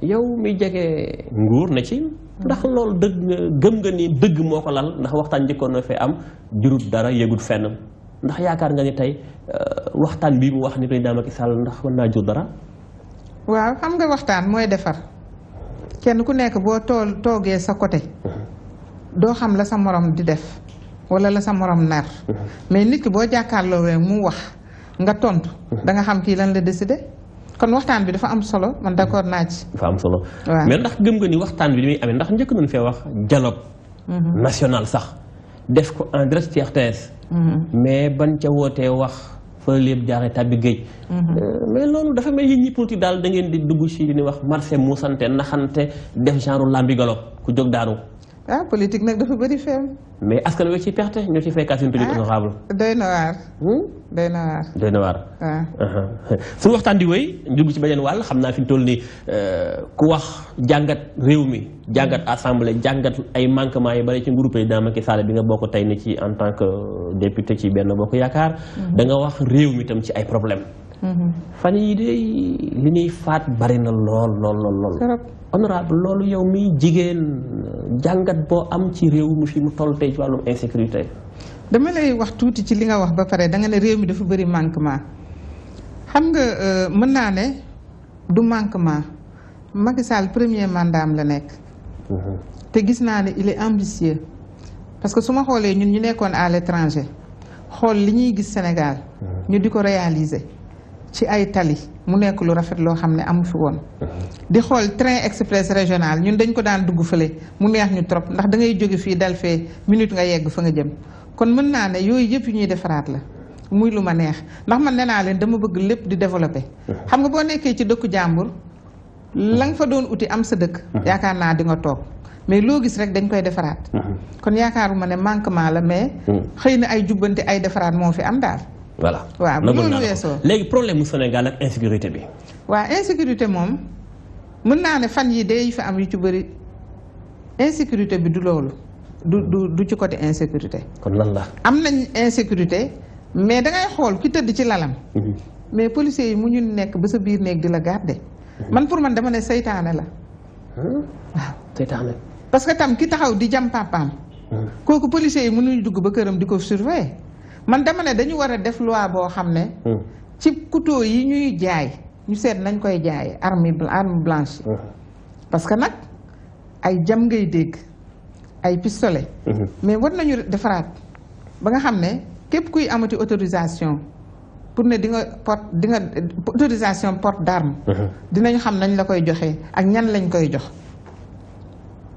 yow mi jege nguur na ci ndax loolu dëgg gëm nga ni dëgg moo ko lal ndax waxtaan njëkkoon na fee am jurut dara yëgut fenn ndax yaakaar nga ni tey euh, waxtaan bii mu wax ni président Macky Sall ndax mën naa jur dara. waaw xam nga waxtaan mooy defar kenn ku nekk boo tool toogee sa côté doo xam la sa morom di def wala la sa morom nar uh-huh. mais nit ki boo jàkkaarloo mu wax nga tontu uh-huh. da nga xam kii lan la de kon waxtaan bi dafa am solo man d'accord naa dafa am solo. mais ndax gëm nga ni waxtaan bi li amee ndax njëkk nañu fee wax dialogue. Mhm. national sax def ko en direct ci mhm. mais ban ca wootee wax. fa lépp jaaree tàbbi géej. Mhm. Euh, mais loolu dafa mel ni ñi politique daal da ngeen di dugg ci li ñuy wax marché muusante naxante def genre lambigalo ku jog daanu. ah politique nak dafa bari fem mais askan wé ci perte ñu ci fekkaat seen politique ah, honorable. Hmm? doy na waar. doy na war doy na war ah uh-huh. suñu waxtan di wéy ñu ci bañen wal xamna naa fi mu euh ku wax jangat réew mi jàngat hmm. assemblée jangat ay manquement yi bari ci nguuru président Macky Sall bi nga boko tay ni ci en tant que euh, député ci ben boko yakar hmm. da nga wax réew mi tam ci ay problème fan yii de li ñuy faat bari na lol lol lol honorable loolu yow miy jigéen jàngat boo am ci réew mi fi mu toll tey ci wàllum insécurité. dama lay wax tuuti ci li nga wax ba pare da nga ne réew mi dafa bëri manquement xam nga euh, mën naa ne du manquement Macky Sall premier mandat am la nekk. Mhm. te gis naa ne il est ambitieux. parce que su ma xoolee ñun ñu nekkoon à l'étranger xool li ñuy gis Sénégal. Mhm. ñu di ko réaliser. ci ay tali mu nekk lu rafet loo xam ne amu fi woon mhm. di xool train express régional ñun dañ ko daan dugg fële mu neex ñu trop ndax da ngay jóge fii dal fee minute nga yegg fa nga jëm kon mën naa ne yooyu yëpp ñuy defaraat la muy lu ma neex ndax man nee naa leen dama bëgg lépp di développé mhm. xam nga boo nekkee ci dëkku jàmbur mhm. la nga fa doon uti am sa dëkk yaakaar naa di nga toog mais loo gis rek dañ koy defaraat kon yaakaaruma ne manquement la mais xëy na ay jubbante ay defaraat moo fi am voilà nagul problème mu Sénégal ak insécurité bi waaw insécurité moom mën naa ne fan yi day fi am yu insécurité bi du loolu du du ci côté insécurité kon lan la am nañ insécurité mais dangay xool ki tëdd ci lalam mhm. mais policiers yi mu ñu nekk ba sa biir néeg la garde mhm. man pour man dama ne là la hein? waaw seytaane parce que tam ki taxaw di jam papa mhm. kooku policiers yi mënuñu dugg ba këram di ko surveiller man dama ne dañu wara def loi bo xam hmm. ci couteau yi ñuy jaay ñu sét nañ koy jaay arme arme blanche. Hmm. parce que nak ay jam ngay dégg ay pistolet. Hmm. mais war nañu defaraat ba nga xam ne képp kuy amati autorisation pour ne di nga porte di nga autorisation porte d'arme. dinañ xam nañ la koy joxee ak ñan lañ koy jox.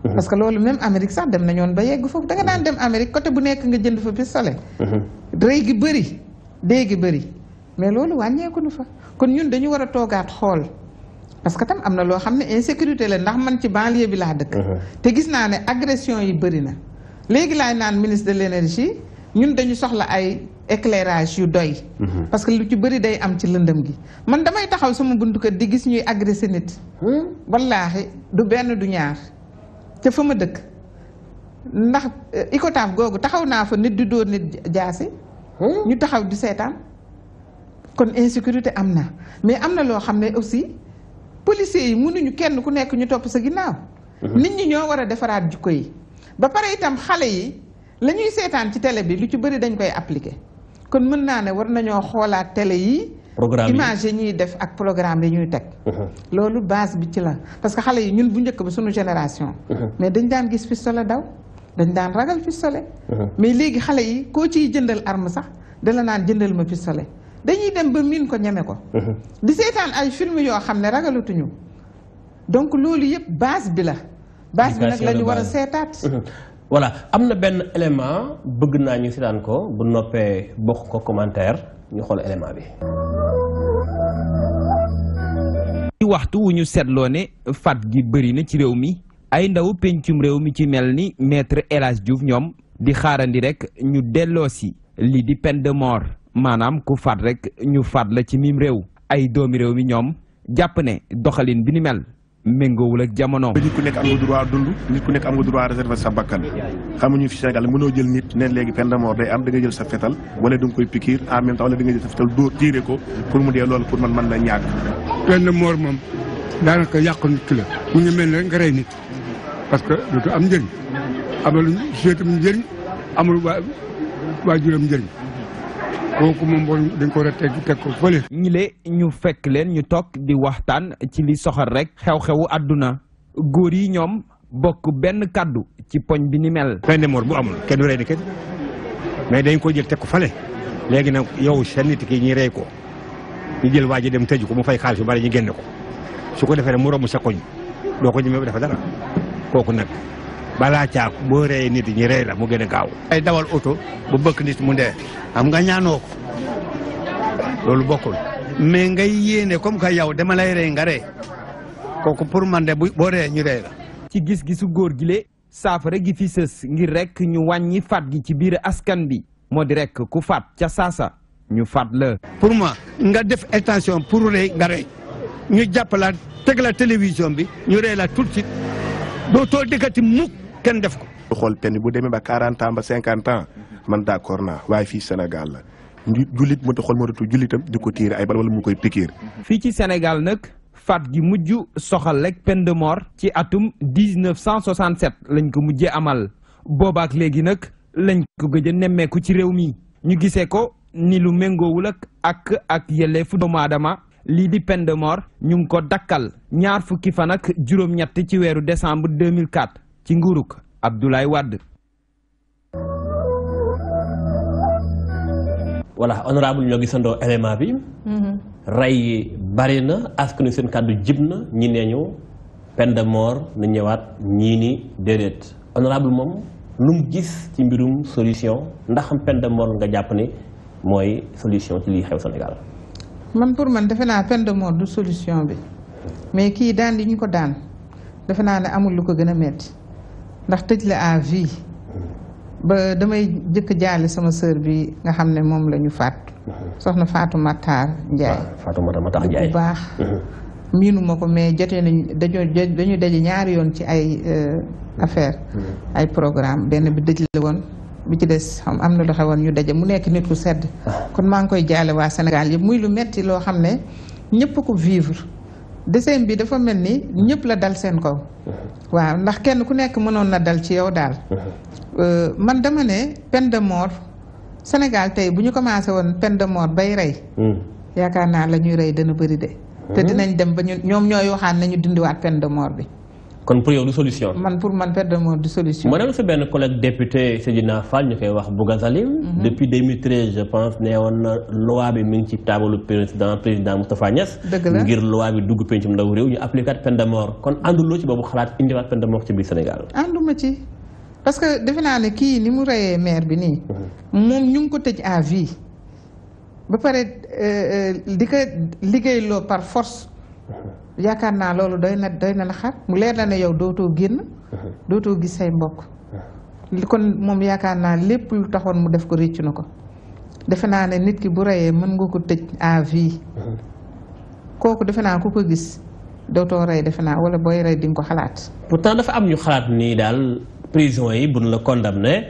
Mm-hmm. parce que loolu même Amérique sax dem nañoon ba yegg foofu da nga daan dem Amérique côté bu nekk nga jënd fa pistolet. Mm-hmm. rëy gi bëri dee gi bëri mais loolu wàññeeku nu fa kon ñun dañu war a toogaat xool. parce que tam am na loo xam ne insécurité la ndax man ci banlieue bi laa dëkk. Mm-hmm. te gis naa ne agression yi bëri na. léegi laay naan ministre de l' énergie ñun dañu soxla ay éclairage yu doy. parce que lu ci bëri day am ci lëndëm gi. man damay taxaw sama buntu kër di gis ñuy agressé nit. Hmm? wallaahi du benn du ñaar. ca fa ma dëkk ndax eh, Icotaf googu taxaw naa fa nit di dóor nit jaasi hmm? ñu taxaw di seetaan kon insécurité am na mais am na loo xam ne aussi policiers yi mënuñu kenn ku nekk ñu topp sa ginnaaw hmm. nit ñi ñoo war a defaraat jikko yi ba pare itam xale yi la ñuy seetaan ci télé bi lu ci bëri dañ koy appliqué kon mën naa ne war nañoo xoolaat télé yi programme yi image yi ñuy def ak programme yi ñuy teg. Uh-huh. loolu base bi ci la parce que xale yi ñun bu njëkk ba suñu génération. Uh-huh. mais dañ daan gis pistolet daw dañ daan ragal pistolet. Uh-huh. mais léegi xale yi koo ciy jëndal arme sax dala naan jëndal ma pistolet dañuy dem ba miin ko ñeme ko. di seetaan ay film yoo xam ne ragalatuñu donc loolu yëpp base bi la. base bi nag la ñu war a seetaat. voilà am na benn élément bëgg naa ñu seetaan ko bu noppee bokk ko commentaire. ñu xool élément bi. ci waxtu wu ñu seetloo ne faat gi bëri na ci réew mi ay ndaw pencum réew mi ci mel ni maître El Hadj ñoom di xaarandi rek ñu delloosi lii di peine de mort maanaam ku faat rek ñu faat la ci miim réew ay doomi réew mi ñoom jàpp ne doxalin bi ni mel méngoowul ak jamono. nit ku nekk am nga droit dund nit ku nekk am nga droit réserver sa bakkan xamuñu fi Sénégal mënoo jël nit ne léegi peine de mort day am da nga jël sa fetal wala da nga koy pikiir en même temps wala da nga jël sa fetal dóor tiire ko pour mu moom daanaka yàqu nit ki la mu ngi mel ne nga rey nit parce que dootu am njëriñ amaluñ seetam njëriñ amul waa waajuram njëriñ. kooku moom bon dañ ko war a teg ko fële. ñi le ñu fekk leen ñu toog di waxtaan ci li soxal rek xew-xewu àdduna góor yi ñoom bokk benn kàddu ci poñ bi ni mel. peine de mort bu amul kenn du rey ni mais dañ ko jël teg ko fële léegi nag yow seen nit ki ñi ko ñu jël waa ji dem teju ko mu fay xaalis yu bari ñu génne ko su ko defee rek mu romb sa koñ doo ko ñemee ba dafa dara kooku nag. balaa caak boo reyee nit ñi rey la mu gën a gaaw. ay dawal oto bu bëkk nit mu dee xam nga ñaanoo ko loolu bokkul mais ngay yéene comme que yow dama lay rey nga rey kooku pour man de bu ñu rey ci gis-gisu góor gile saafara gi fi sës ngir rek ñu wàññi faat gi ci biir askan bi moo di rek ku faat ca saasa ñu fat la. pour moi nga def attention pour rey nga ñu jàpp la la télévision bi ñu rey la tout doo too dëkkati mukk kenn def ko. ñu xool penn bu demee ba 40 ans ba 50 ans man d'accord na waaye fii Sénégal la ñu jullit mu xool moo dootul jullitam di ko tiir ay bal wala mu koy pikiir. fii ci Sénégal nag faat gi mujj soxal rek peine de mort ci atum 1967 lañ ko mujjee amal boobaak léegi nag lañ ko gëj nemmeeku ci réew mi ñu gisee ko ni lu méngoowul ak ak ak yelleefu doomu aadama li di peine de mort ñu ko dakkal ñaar fukki fan ak juroom ñett ci wéru décembre 2004 ci nguruk Abdoulaye wad wala honorable ñogi sando élément bi. Mhm. Ray Barina, bari na askan seen kàddu jib ñi neñu peine de mort na ñewat ñi ni déedéet honorable mom lu mu gis ci mbirum solution ndax peine de mort nga japp ni moy solution ci li xew Sénégal. man pour man defe naa peine de mort du solution bi mais kii daan yi ñu ko daan defe naa ne amul lu ko gën a metti ndax tëj le à vie ba damay jëkk jaale sama sœur bi nga xam ne moom la ñu faat soxna faatu Fatou Matar Ndiaye Fatou Matar Ndiaye bu baax miinuma ko mais jotee nañ dañoo dañu daje ñaari yoon ci ay euh, affaire hmm. ay programme benn bi dëj la woon bi ci des xam am na lu xewoon ñu daje mu nekk nit ku sedd kon maa ngi koy jaale waa Sénégal yëpp muy lu metti loo xam ne ñëpp ko vivre dessin bi dafa mel ni ñëpp la dal seen kaw waaw ndax kenn ku nekk mënoon na dal ci yow daal euh, man dama ne peine de mort Sénégal tey bu ñu commencé woon peine de mort bay rey hmm. yaakaar naa la ñuy rey dana bëri de te hmm. dinañ dem ba ñu ñoom ñooy waxaan nañu dindiwaat peine de mort bi kon pour yow du solution. man pour man perte de mot du solution. ma dem sa ben collègue député Seydina Fall ñu kay wax Bougazelli. Mhm. depuis 2013 je pense né woon loi bi mi ngi ci taabalu président président Moustapha Niass. ngir loi bi dugg pencum ndaw réew ñu appliquer peine de mort kon ànduloo ci boobu xalaat wat peine de mort ci biir Sénégal. Anduma ci parce que defe naa ne kii ni mu reyee maire bi nii. Mhm. moom ñu ngi ko tëj à vie. ba pare euh, euh, di ko liggéeyloo par force. yaakaar naa loolu doy na doy na la xar mu leer na ne yow dootoo génn uh-huh. dootoo gis say mbokk uh-huh. kon moom yaakaar naa lépp lu taxoon mu def ko réccu na ko defe naa ne nit ki bu reyee mën nga ko tëj à vie uh-huh. kooku defe naa ku ko gis dootoo rey defe naa wala booy rey di nga ko xalaat pourtant dafa am ñu xalaat nii daal prison yi bu buñ la condamné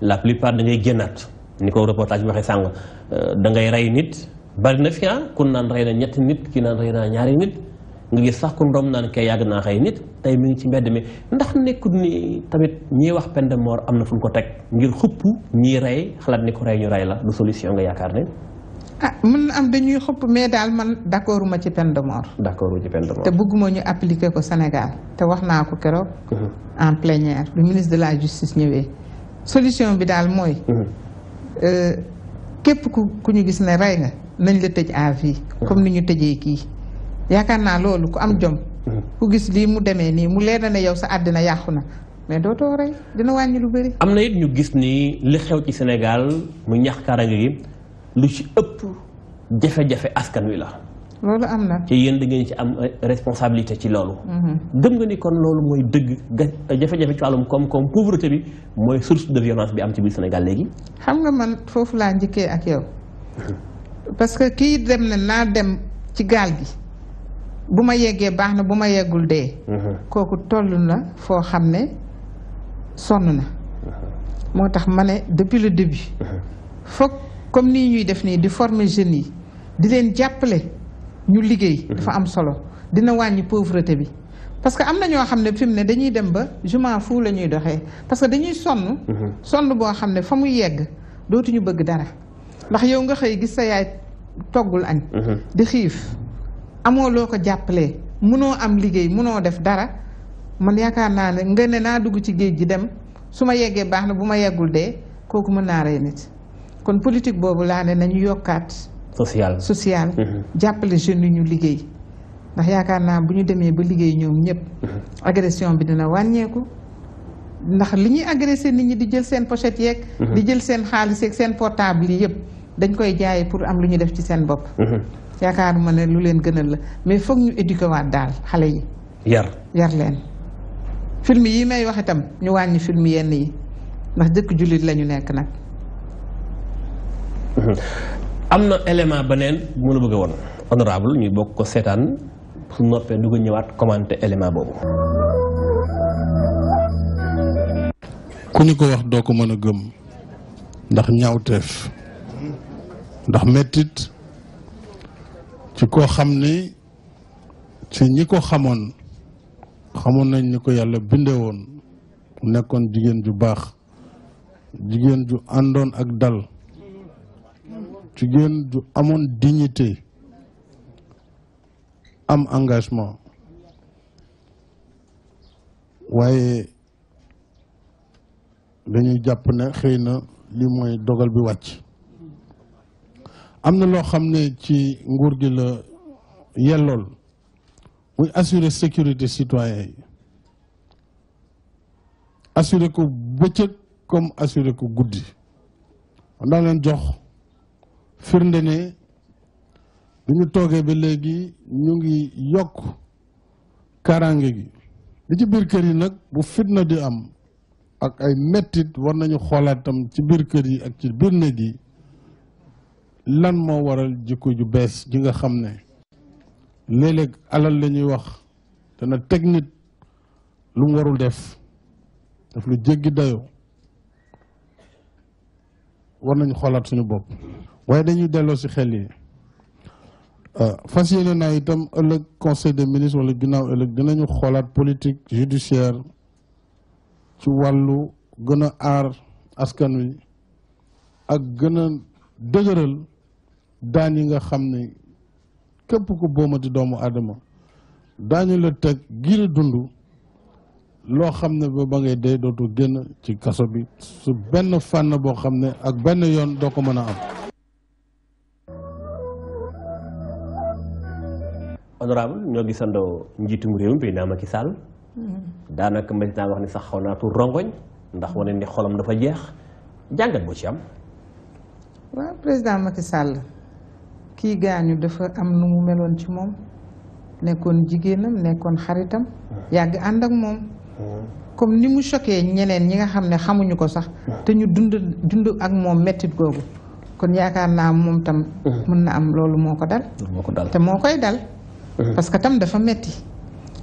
la plupart da ngay génnaat ni ko reportage bi waxee sàng euh, da ngay rey nit bari na fi ah kun naan rey na ñetti nit ki naan rey naa ñaari nit nga gis sax ku ndoom naan kay yàgg naa xëy nit tey mi ngi ci mbedd mi ndax nekkut ni tamit ñiy wax pen de mort am na fu ñu ko teg ngir xupp ñiy rey xalaat ni ko rey ñu rey la du solution nga yaakaar ne. ah mën na am ba dañuy xupp mais daal man d' accord ma ci peine de mort. d' accord de mort te bëgguma ñu appliquer ko Sénégal te wax naa ko keroog. Mhm. en plénière lu ministre de la justice ñëwee. solution bi daal mooy. Mhm. Euh, képp ku ku ñu gis ne rey nga nañ la tëj à mhm. comme ni ñu tëjee yaakaar naa loolu ku am mm-hmm. jom. Mm-hmm. ku gis lii mu demee nii mu leer na ne yow sa àddina yàqu na mais dootoo rey dina wàññi lu bëri. am na it ñu gis ni li xew ci Sénégal mu ñax kaaraange gi lu ci ëpp jafe-jafe askan wi la. loolu am na. ci yéen da ngeen ci am euh, responsabilité ci loolu. Mm-hmm. gëm nga ni kon loolu mooy dëgg jafe-jafe ci wàllum koom-koom pauvreté bi mooy source de violence bi am ci biir Sénégal léegi. xam nga man foofu laa njëkkee ak yow. parce que kii dem na naa dem ci gaal bu ma yeggee baax na bu ma yeggul dee. Uh-huh. kooku toll na foo xam ne sonn na. Uh-huh. moo tax ma ne depuis le début. Uh-huh. foog comme nii ñuy def nii di former jeunes yi di leen jàppale ñu liggéey. dafa am solo dina wàññi pauvreté bi. parce que am na ñoo xam ne fi mu ne dañuy dem ba je m'en fous la ñuy doxee parce que dañuy sonn. sonn boo xam ne fa mu yegg dootuñu bëgg dara ndax yow nga xëy gis sa yaay toggul añ. di xiif. amoo loo ko jàppalee munoo am liggéey munoo def dara man yaakaar naa ne nga naa dugg ci géej gi dem su ma yeggee baax na bu ma yeggul dee kooku mën naa rey nit kon politique boobu laa ne nañu yokkaat. social social. Mhm. jàppale jeunes yi ñu liggéey ndax yaakaar naa bu ñu demee ba liggéey ñoom ñëpp. Mhm. agression bi dina wàññeeku. ndax li ñuy agressé nit ñi di jël seen pochette yeeg. Mhm. di jël seen xaalis yeeg seen portable yi yëpp dañ koy jaay pour am lu ñu def ci seen bopp. ma ne lu leen gënal la mais foog ñu éduquer waat daal xale yi. yar yar leen. film yi may wax itam ñu wàññi film yenn yi ndax jëkk jullit lañu nekk nag. am na élément beneen bu ma la bëgg woon honorable ñu bokk ko seetaan su noppee du ko ñëwaat commenter élément boobu. ku ñu ko wax doo ko mën a gëm ndax ñaawteef ndax mettit ci ko xam ci ñi ko xamone xamone nañ ni ko yalla bindee woon nekkoon ju bax digeen ju àndoon ak dal jigéen ju amone dignité am engagement waaye dañuy que xeyna li dogal bi am na loo xam ne ci nguur gi la yellool muy assurer sécurité citoyen yi assurer ko bëccëg comme assurer ko guddi man daa leen jox firnde ne bi ñu toogee ba léegi ñu ngi yokk kaaraange gi li ci biir kër yi nag bu fitna di am ak ay mettit war nañu xoolaatam ci biir kër yi ak ci biir néeg yi lan moo waral jikko ju bees ji nga xam ne léeg-léeg alal la ñuy wax dana teg nit lu warul def daf lu jéggi dayoo war nañ xoolaat suñu bopp waaye dañuy delloo ci xel yi euh, fas yéene naa itam ëllëg conseil des ministres wala ginnaaw ëllëg dinañu xoolaat politique judiciaire ci wàllu gën a aar askan wi ak gën a dëgëral daan yi nga xam ne képp ku boomati doomu adama daañu la teg giir dund loo xam ne ba ngay dee dootu génn ci kaso bi su benn fànn boo xam ne ak benn yoon doo ko mën a am. honorable ñoo gisandoo njiitum réew mi président Macky Sall. daanaka mën naa wax ni sax xaw naa tuur rongoñ ndax wane ni xolam dafa jeex jàngat boo ci am. waaw président Macky Sall. kii gaañu dafa am nu mu meloon ci moom nekkoon jigéenam nekkoon xaritam yàgg ànd ak moom comme ni mu choqué ñeneen ñi nga xam ne xamuñu ko sax te ñu dund dund ak moom mettit googu kon yaakaar naa moom tam mën na am loolu moo ko dal te moo koy dal parce que tam dafa metti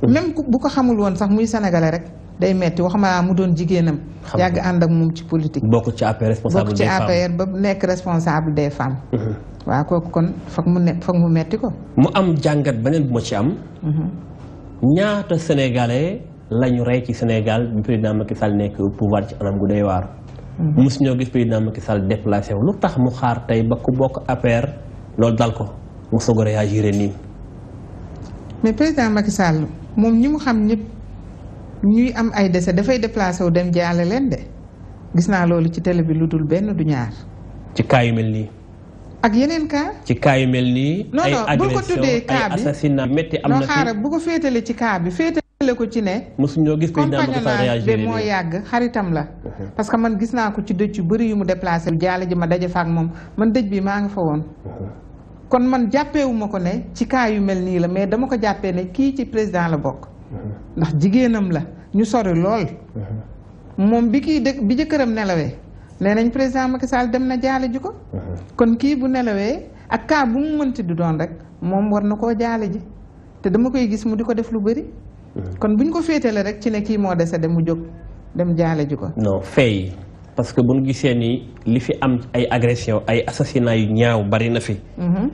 même bu ko xamul woon sax muy sénégalais rek day metti wax ma mu doon jigéenam. yàgg ànd ak moom ci politique. bokk ci APR ci APR ba nekk responsable de femmes. Mhm. waaw kooku kon foog mu ne foog mu metti ko. mu am jàngat beneen bu ma ci am. Mhm. ñaata sénégalais lañu ñu rey ci Sénégal bi président Macky Sall nekk au pouvoir ci anam gu doy waar. mosu mhm. ñoo gis président Macky Sall déplacé wu lu tax mu xaar tey ba ku bokk APR loolu dal ko mu soog a nii. mais président Macky Sall moom ñi mu xam ñëpp. ñuy am ay décès dafay déplacé wu dem jaale leen de gis naa loolu ci tele bi lu dul benn du ñaar. ci cas yu mel nii. ak yeneen cas. ci cas yu mel nii. ay agression métti am na fi ko bu ko féetale ci cas bi féetale ko ci ne. mosuñoo gis ko daan bëgg faa moo yàgg xaritam la. Uh-huh. parce que man gis naa ko ci dëj yu bëri yu mu déplacé wu jaale ji ma daje fa ak moom man dëj bi maa ngi fa woon. Uh-huh. kon man jàppeewu ko ne ci cas yu mel nii la mais dama ko jàppee ne kii ci président la bokk. ndax jigéenam la ñu sori lool moom bi kii dëkk bi jëkkëram nelawee nee nañ président Macky Sall dem na jaale ji ko kon kii bu nelawee ak cas bu mu mënti du doon rek moom war na koo jaale ji te dama koy gis mu di ko def lu bëri kon buñ ko féetale rek ci ne kii moo dese dem mu jóg dem jaale ji ko fay parce que bu ñu gisee nii li fi am ay agression ay assassinat yu ñaaw bari na fi mhm.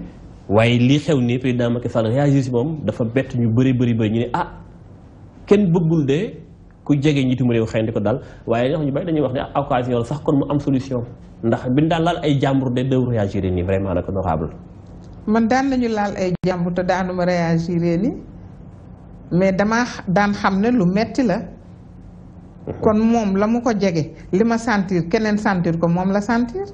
waaye lii xew nii président Macky Sall réagir si moom dafa bett ñu bëri bëri ñu ne ah kenn bëggul de ku jege njiitum réew xëy na ko dal waaye ñoo ñu bari dañuy wax ne occasion la sax kon mu am solution ndax bi daan laal ay jàmbur de dëw réagir nii vraiment nag honorable man daan nañu laal ay jàmbur te daanuma réagir nii mais dama daan xam ne lu metti la kon moom la mu ko jege li ma sentir keneen sentir ko moom la sentir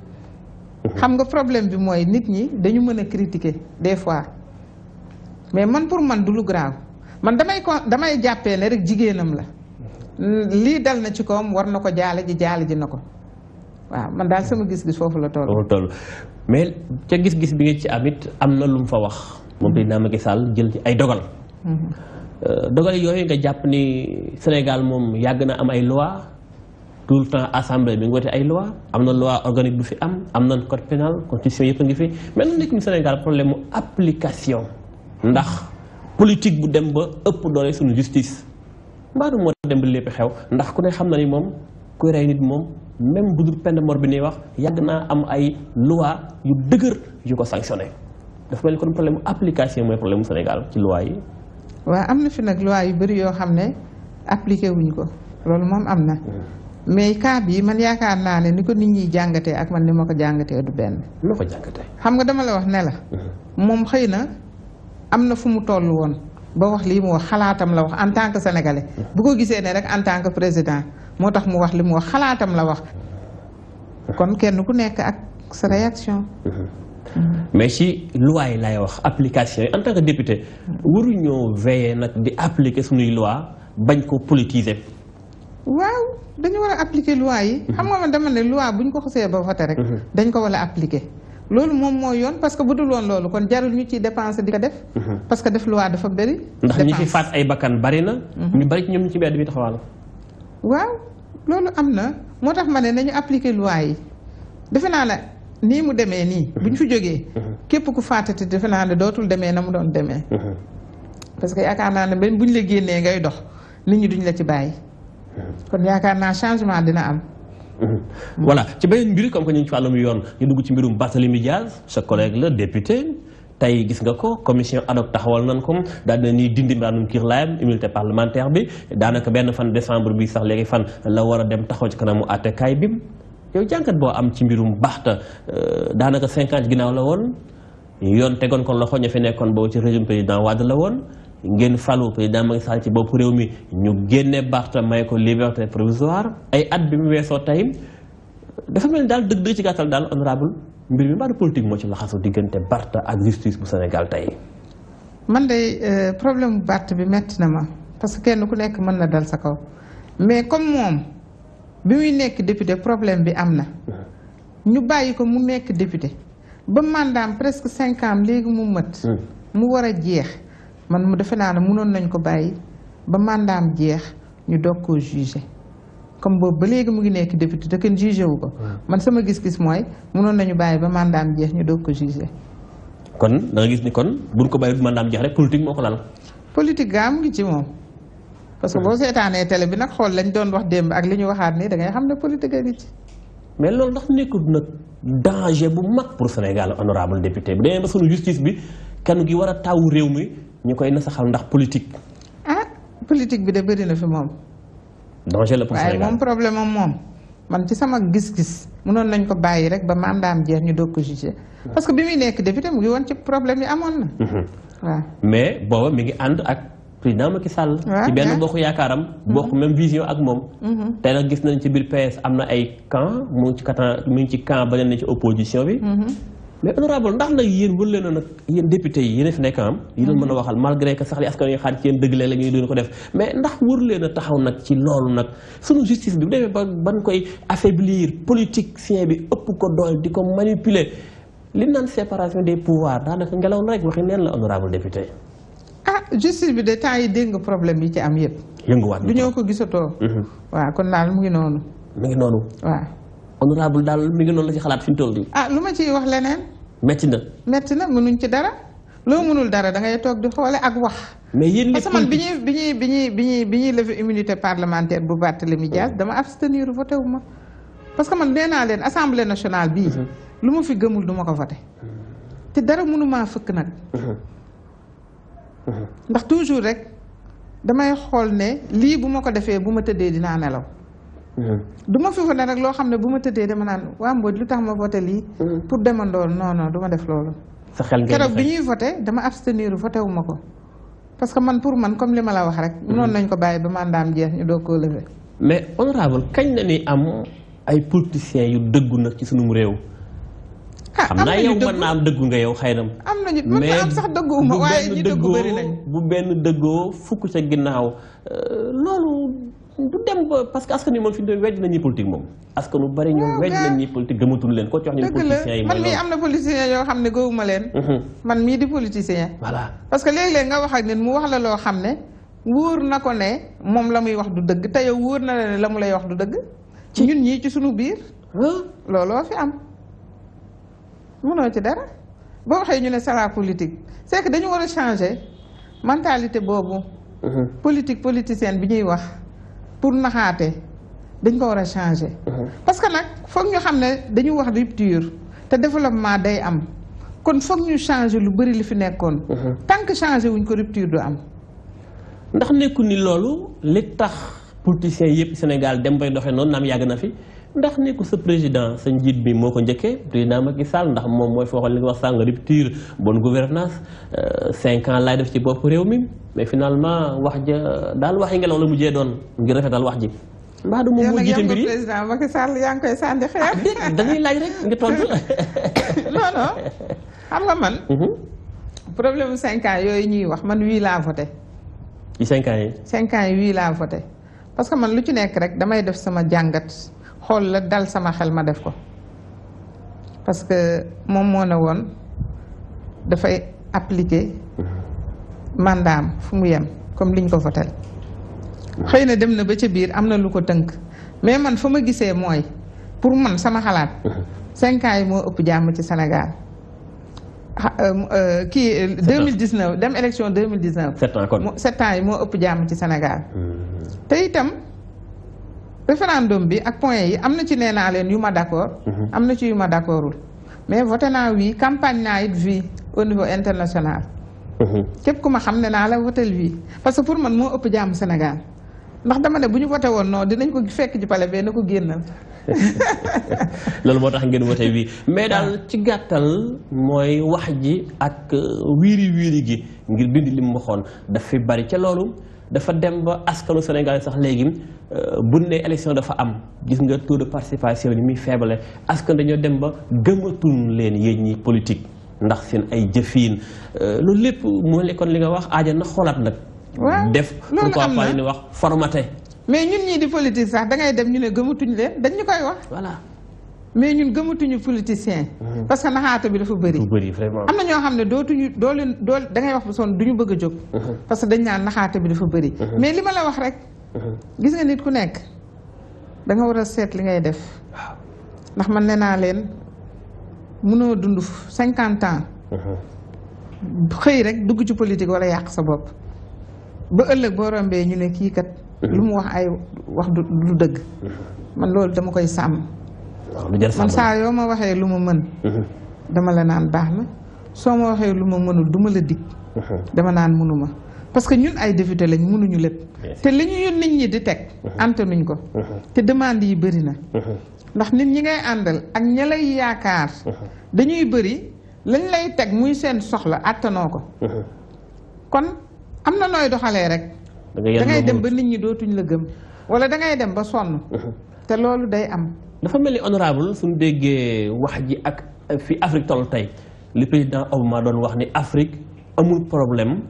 xam nga problème bi mooy nit ñi dañu mën a critiquer des fois mais man pour man du lu grave man damay ko damay jàppee ne rek jigéenam la lii dal na ci kawam war na ko jaale ji jaale ji na ko waaw man daal sama gis-gis foofu la toll. foofu mais ca gis-gis bi nga ci am it am na lu mu fa wax. moom mhm. président Macky Sall jël ci ay dogal. Mhm. Euh, dogal yooyu nga jàpp ni Sénégal moom yàgg na am ay loi tout le temps assemblée bi nga wote ay loi am na loi organique bu fi am am na code pénal constitution yëpp ngi fi mais lu nekk Sénégal problème mu application ndax. politique bu dem ba ëpp doole suñu justice mbaadu moo dem ba lépp xew ndax ku ne xam na ni moom kuy rey nit moom même bu dul peine bi ñuy wax yàgg naa am ay loi yu dëgër yu ko sanctionné dafa mel ni application mooy problème mu Sénégal ci loi yi. waaw am na fi nag loi yu bëri yoo xam ne appliqué wuñ ko loolu moom am na. Hmm. mais cas bii man yaakaar naa ne ni ko nit ñi jàngatee ak man ni ma ko jàngatee du benn. loo ko jàngatee. xam nga dama la wax ne hmm. moom xëy na am na fu mu toll woon ba wax lii mu wax xalaatam la wax en tant que sénégalais bu ko gisee ne rek en tant que président moo tax mu wax li mu wax xalaatam la wax kon kenn ku nekk ak sa réaction mm-hmm. mais si loi yi lay wax application yi en tant que député waruñoo veiller nag di appliquer suñuy loi bañ ko politiser waaw dañu war a appliquer loi yi mm-hmm. xam nga ma dama ne loi buñ ko xosee ba voté rek mm-hmm. dañ ko war a appliquer loolu moom mooy yoon parce que bu dul woon loolu kon jarul ñu ciy dépense di ko def. Mhm. parce que def lu waa dafa bëri. ndax ñu fi faat ay bakkan bari na. Mhm. ñu bari ci ñoom ñu ci mbedd bi taxawal. waaw loolu am na moo tax ma ne nañu appliquer loi yi defe naa la nii mu demee nii. Mhm. bu ñu fi jógee. képp ku faatati defe naa ne dootul demee na mu doon demee. parce que yaakaar naa ne benn bu ñu la génnee ngay dox nit ñi duñ la ci bàyyi. kon yaakaar naa changement dina am. voilà ci beneen mbir comme que ñu ngi ci wàllum yoon ñu dugg ci mbirum Barthélemy Diaz sa collègue la député tey gis nga ko commission ad taxawal nan ko daal dina ñuy dindi mbaanum kiir laayam immunité parlementaire bi daanaka benn fan décembre bi sax léegi fan la war a dem taxaw ci kanamu kaay bi yow jàngat boo am ci mbirum baxta euh, daanaka cinq ans ginnaaw la woon yoon tegoon kon loxo ña fi nekkoon boobu ci régime président Wade la woon ngeen falu président Macky Sall ci bopp réew mi ñu génne Barth may ko liberté provisoire ay at bi mu weesoo tey dafa mel ni daal dëgg dëgg ci gàttal daal honorable mbir mi mbaa du politique moo ci laxasu diggante Barth ak justice bu Sénégal tey. man de euh, problème bu Barth bi metti na ma parce que kenn ku nekk mën na dal sa kaw mais comme moom bi muy nekk député problème bi am na ñu bàyyi ko mu nekk député ba mandaam presque cinq ans léegi mu mët hmm. mu war a jeex. man mu defe naa ne mënoon nañ ko bàyyi ba mandaam jeex ñu doog ko jugé comme boobu ba léegi mu ngi nekk député te kenn jugé wu ko. man sama gis-gis mooy mënoon nañu bàyyi ba mandaam jeex ñu doog ko jugé. kon da nga gis ni kon buñ ko bàyyi bu mandaam jeex rek politique moo ko lal. politique gaa mu ngi ci moom. parce que boo hmm. seetaanee télé bi nag xool lañ doon wax démb ak li ñu waxaat nii da ngay xam ne politique a ngi ci. mais loolu ndax nekkul nag danger bu mag pour Sénégal honorable député bu demee ba sunu justice bi kenn gi war a taw réew mi. ñu koy nasaxal ndax politique. ah politique bi de bëri na fi moom. danger la pour Sénégal waaye moom problème am moom man ci sama gis-gis mënoon nañ ko bàyyi rek ba mandaam jeex ñu doog ko jugé parce que bi muy nekk député mu ngi woon ci problème yi amoon na. Mhm. waaw mais booba mi ngi ànd ak président Macky Sall. ci benn bokk yaakaaram. Mhm. bokk même vision ak moom. Mhm. tey nag gis nañ ci biir PS am na ay camp mu ngi ci mu ngi ci camp ba leen na ci opposition bi. mais honorable ndax nag yéen wër leen nag yéen député yi yéen fi nekk am yi doon mën a mm-hmm. waxal malgré que sax li askan yi xaar ci yéen dëgg la ñuy doon ko def mais ndax wër leen a taxaw nag ci loolu nag suñu justice bi bu demee ba ban koy affaiblir politicien bi ëpp ko doole di ko manipuler li naan séparation des pouvoirs daanaka ngelaw na rek waxi neen la honorable député ah justice bi de temps yi dégg nga problème yi ci am yëpp yënguwaat du ñoo ko gisatoo mm-hmm. waaw kon daal mu ngi noonu mu ngi noonu waaw honorable daal mi ngi noonu la ci xalaat fi mu toll nii ah lu ma ciy wax leneen metti na metti na mënuñ ci dara loo mënul dara da toog di xoole ak wax mais yéen parce que man bi ñuy bi ñuy bi ñuy bi ñuy bi ñuy lever immunité parlementaire bu Barthélémy Dias dama abstenir voté wu ma parce que man nee naa leen assemblée nationale bii mm-hmm. lu ma fi gëmul du ma ko voté te dara mënumaa fëkk nag mm-hmm. Mm-hmm. ndax toujours rek damay xool ne lii bu ma ko defee bu ma tëddee dinaa nelaw du ma fi ko ne nag loo xam ne bu ma tëddee dama naan waa Mbodj lu tax ma voté lii. Mm-hmm. pour demandoon non non du def loolu. sa xel ngeen keroog bi ñuy voté dama abstenir voté wu ma ko. parce que man pour man comme li ma la wax rek. mënoon mm-hmm. nañ ko bàyyi ba mandaam jeex ñu doog koo levé. mais honorable kañ na ni am ay politiciens yu dëggu nag ci sunum réew. ah am na ñu dëggu yow am dëggu nga yow xay na. am na ñu mën sax dëggu ma waaye ñu dëggu bëri nañ bu benn dëggoo fukk ca ginnaaw euh, loolu. du dem parce que askan wi moom fi ñu wedd nañu politique moom. askan wu bari ñoom wedd nañu politique gëmatul leen ko ci wax ñu politiciens yi. man mii am na politiciens yoo xam ne gëwuma leen. Mhm. man mii di politicien. voilà parce que léeg nga wax ak nit mu wax la loo xam ne wóor na ko ne moom la muy wax du dëgg te yow wóor na la la mu lay wax du dëgg. ci ñun ñii ci suñu biir. looloo fi am. mënoo ci dara boo waxee ñu ne c'est politique c'est dañu war a changer mentalité boobu. Mhm. politique politicienne bi ñuy wax. pour naxaate dañ ko war a changer. Uh-huh. parce que nag foog ñu xam ne dañu wax rupture te développement day am kon foog ñu changer lu bëri li fi nekkoon. Uh-huh. tant que changer wuñ ko rupture du am. ndax nekku ni loolu li tax politiciens yëpp Sénégal dem bay doxee noonu naam yàgg na fi. ndax nekku sa président sa njit bi moko ko njëkkee président Macky Sall ndax mom moy fi waxoon li nga wax sàng rupture bonne gouvernance 5 euh, ans lay def ci bop rew mi mais finalement wax ja dal wax yi ngelaw la mujjee doon ngir rafetal wax ji mbaa du moom mo jité mbir yi président Macky Sall yang ngi koy sànni xeer ah, dañuy laaj rek nga tontu non non xam nga man mhm. problème 5 ans yoy ñuy wax man wi la voté ci cinq ans yi cinq ans wi la voté parce que man lu ci nek rek damay def sama jangat xol la dal sama xel ma def ko parce que moom moo ne woon dafay appliquer mandaam fu mu yem comme liñ ko votel xëy na dem na ba ca biir am na lu ko tënk mais man fa ma gisee mooy pour man sama xalaat cinq ans yi moo ëpp jàmm ci Sénégal euh, euh, kii 2019 dem élection 2019 sept ans yi moo ëpp jàmm ci Sénégal hmm. te itam référendum bi ak point yi am na ci nee naa leen yu ma d'accord mhm. am na ci yu ma d'accordul mais voté naa wii campagne naa it oui au niveau international mhm. képp ku ma xam ne naa la votel oui parce que pour man moo ëpp jàmm Sénégal ndax dama ne bu ñu voté woon non dinañ ko fekk ci pale bee na ko génnal loolu boo tax ngeen voté wii mais daal ah. ci gàttal mooy wax ji ak euh, wiiri wiiri gi ngir bind li mu waxoon daf bari ca loolu dafa dem ba askanu Sénégal sax léegi Euh, buñ ne élection dafa am gis nga taux de participation ni muy faible askan dañoo dem ba gëmatuñ leen yéen ñi politique ndax seen ay jëfiin euh, loolu lépp moo nekkoon li nga wax aaja na xoolaat nag. def pourquoi pas ni wax formaté. mais ñun ñii sax da ngay dem ñu ne gëmatuñ leen dañ wax. voilà mais ñun gëmatuñu politicien. Mm-hmm. parce que naxaate bi dafa bëri. bëri vraiment am na ñoo xam ne dootuñu doole leen doo da ngay wax bu sonn du ñu bëgg a jóg. Mm-hmm. parce que dañ naan naxaate bi dafa bëri. Mm-hmm. mais li ma la wax rek. gis nga nit ku nekk danga war a seet li ngay def ndax man nee naa leen mënoo dund cinquante ans xëy rek dugg ci politique wala yàq sa bopp ba ëllëg boo rombee ñu ne kii kat lu mu wax ay wax du dëgg man loolu dama koy sàmm man saa yoo ma waxee lu ma mën dama la naan baax na soo ma waxee lu ma mënul du la dig dama naan mënuma parce que ñun ay député lañ mënuñu lépp. te li ñu nit ñi di teg. Uh-huh. antanuñ ko. Uh-huh. te demande yi bëri na. Uh-huh. ndax nit ñi ngay àndal ak ña lay yaakaar. dañuy bëri lañ lay teg muy seen soxla àttanoo ko. kon am na nooy doxalee rek. da dem ba nit ñi dootuñ la gëm. wala da ngay dem ba sonn. te loolu day am. dafa mel ni honorable suñu déggee wax ji ak fi Afrique toll tey li président ma doon wax ni Afrique amul problème.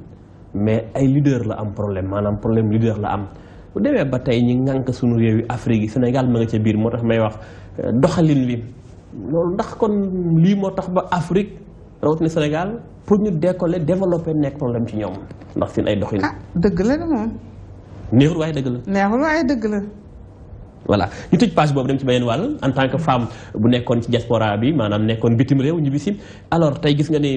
mais ay leader la am problème maanaam problème leader la am bu demee ba tey ñi ŋànk suñu réew yi Afrique yi Sénégal ma nga ca biir moo tax may wax euh, doxalin wi loolu ndax kon lii moo tax ba Afrique rawatina Sénégal pour ñu décoller développer nekk problème ci ñoom ndax seen ay doxin. ah dëgg la de moom. neexul waaye dëgg la. neexul waaye dëgg la. voilà ñu tëj page boobu dem ci beneen wàll en tant que femme bu nekkoon ci diaspora bi maanaam nekkoon bitim réew ñu bisim tey gis nga ne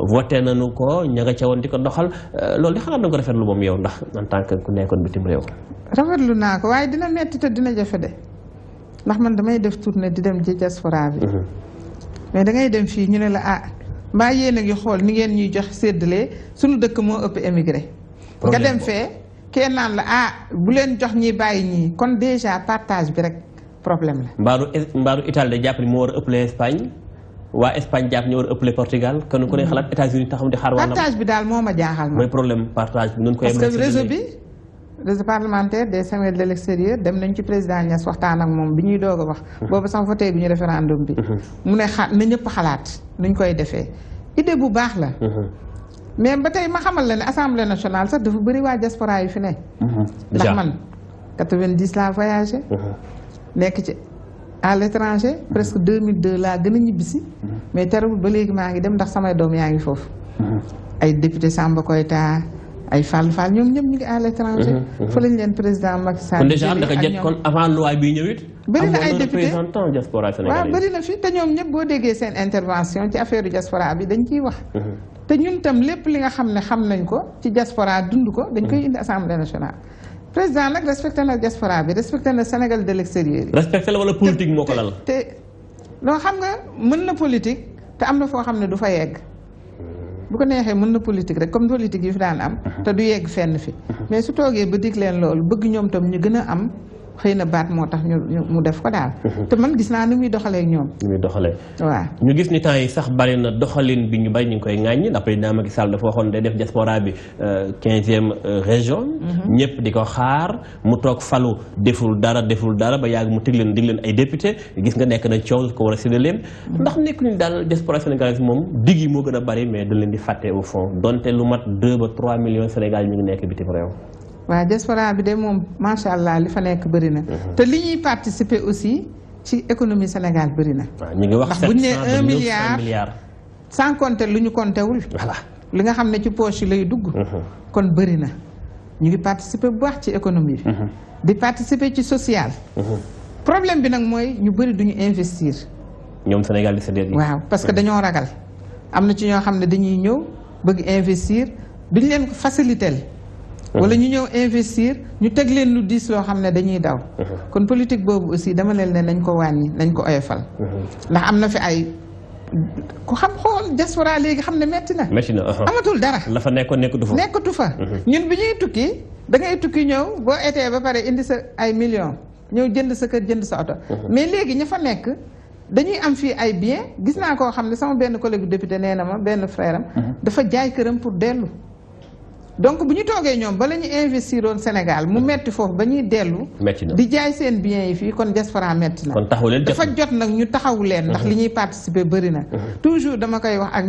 président de ko ña nga ca woon di ko doxal euh, loolu li ku nekkoon bitim réew rafetlu naa ko waaye dina metti te man damay def tournée di dem ci bi mhm. mais dangay dem fii ñu ne la ah mbaa yéen a ngi xool ni ngeen ñuy jox séddale suñu dëkk moo ëpp émigré nga dem fee kee naan la ah bu leen jox ñi bàyyi ñii kon déjà partage bi rek problème la mbaaru e, mbaaru Italie da jàpp ni moo war a ëppale Espagne waa Espagne jàpp ñu war a ëppale Portugal kon ku ne mm-hmm. xalaat États-Unis taxam di xaar waa partage bi daal jaaxal mooy problème partage bi nun koy réseau bi réseau parlementaire des Samuel de l'extérieur dem nañ ci président Niass waxtaan moom bi ñuy doog a wax. boobu sax voté gu ñu référendum bi. mu ne xa na ñëpp xalaat nuñ koy defee idée bu baax la. mais ba tey ma xamal la ne assemblée nationale sax dafa bëri waa diaspora yu fi ne. ndax man 90 laa voyagé. nekk ci à l' étranger presque 2002 laa gën a ñibbisi. mais terewul ba léegi maa ngi dem ndax samay doom yaa ngi foofu. ay député koy taa ay Fall Fall ñoom ñëpp ñu ngi à l'étranger. fa lañ leen président Macky Sall. kon déjà am naka jot kon avant loi bi ñëw déggee seen intervention ci affaire diaspora bi dañ ciy wax. te ñun tam lépp li nga xam ne xam nañ ko ci diaspora dund ko. dañ koy indi assemblée nationale. président nag respecté na diaspora bi respecté na Sénégal de l'extérieur yi. respecté la wala politique moo ko lal. te loo xam nga mën na politique te am na foo xam ne du fa yegg. bu ko neexee mën na politique rek comme politique yi fi daan am te du yegg fenn fii mais su toogee ba dig leen loolu bëgg ñoom tam ñu gën a am xëy na baat moo tax ñu mu def ko daal. te man gis naa ni muy doxalee ñoom. ni muy doxalee. waaw ñu gis ni temps yi sax bari na doxalin bi ñu bari ñu ngi koy ŋàññi ndax président Macky Sall dafa waxoon day def diaspora bi euh, quinzième euh, région. Mm-hmm. ñëpp di ko xaar mu toog falu deful dara deful dara ba yàgg mu teg leen dig leen ay député gis nga nekk na coow ko war a séddale leen. Mm-hmm. ndax nekk ñu daal diaspora sénégalaise moom digg yi moo gën a bari mais da leen di fàtte au fond donte lu mat deux ba trois millions Sénégal ñu ngi nekk bitim réew. waaw diaspora bi de moom macha allah li fa nekk bëri na. Mhm. te li ñuy participer aussi ci économie Sénégal bëri na. ñu ngi wax ndax bu ñu nee un milliard sans lu ñu compter wul. voilà li nga xam ne ci poche yi lay dugg. Mhm. kon bëri na ñu ngi participer bu baax ci économie bi. Mhm. di participer ci social. problème bi nag mooy ñu bëri du ñu investir. ñoom Sénégal di séddee. waaw parce que dañoo ragal am na ci ñoo xam ne dañuy ñëw bëgg investir duñ leen ko faciliter. wala ñu ñëw investir ñu teg leen lu diis loo xam ne dañuy daw. kon politique boobu aussi dama leen ne nañ ko wàññi nañ ko oyofal. ndax am na fi ay ku xam xool diaspora léegi xam ne metti na. metti na amatul dara. la fa nekkoon nekkatu fa nekkatu fa. ñun bi ñuy tukki dangay tukki ñëw boo etee ba pare indi sa ay millions ñëw jënd sa kër jënd sa oto. mais léegi ña fa nekk. dañuy am fii ay bien gis naa koo xam ne sama benn collègue député nee na ma benn frère dafa jaay këram pour dellu. donc bu ñu toogee ñoom ba la ñu investiroon Sénégal mu metti foofu ba ñuy dellu di jaay seen bien yi fii kon diaspora metti na dafa jot nag ñu taxawu leen ndax mhm. li ñuy participer bëri na mhm. toujours dama koy wax ak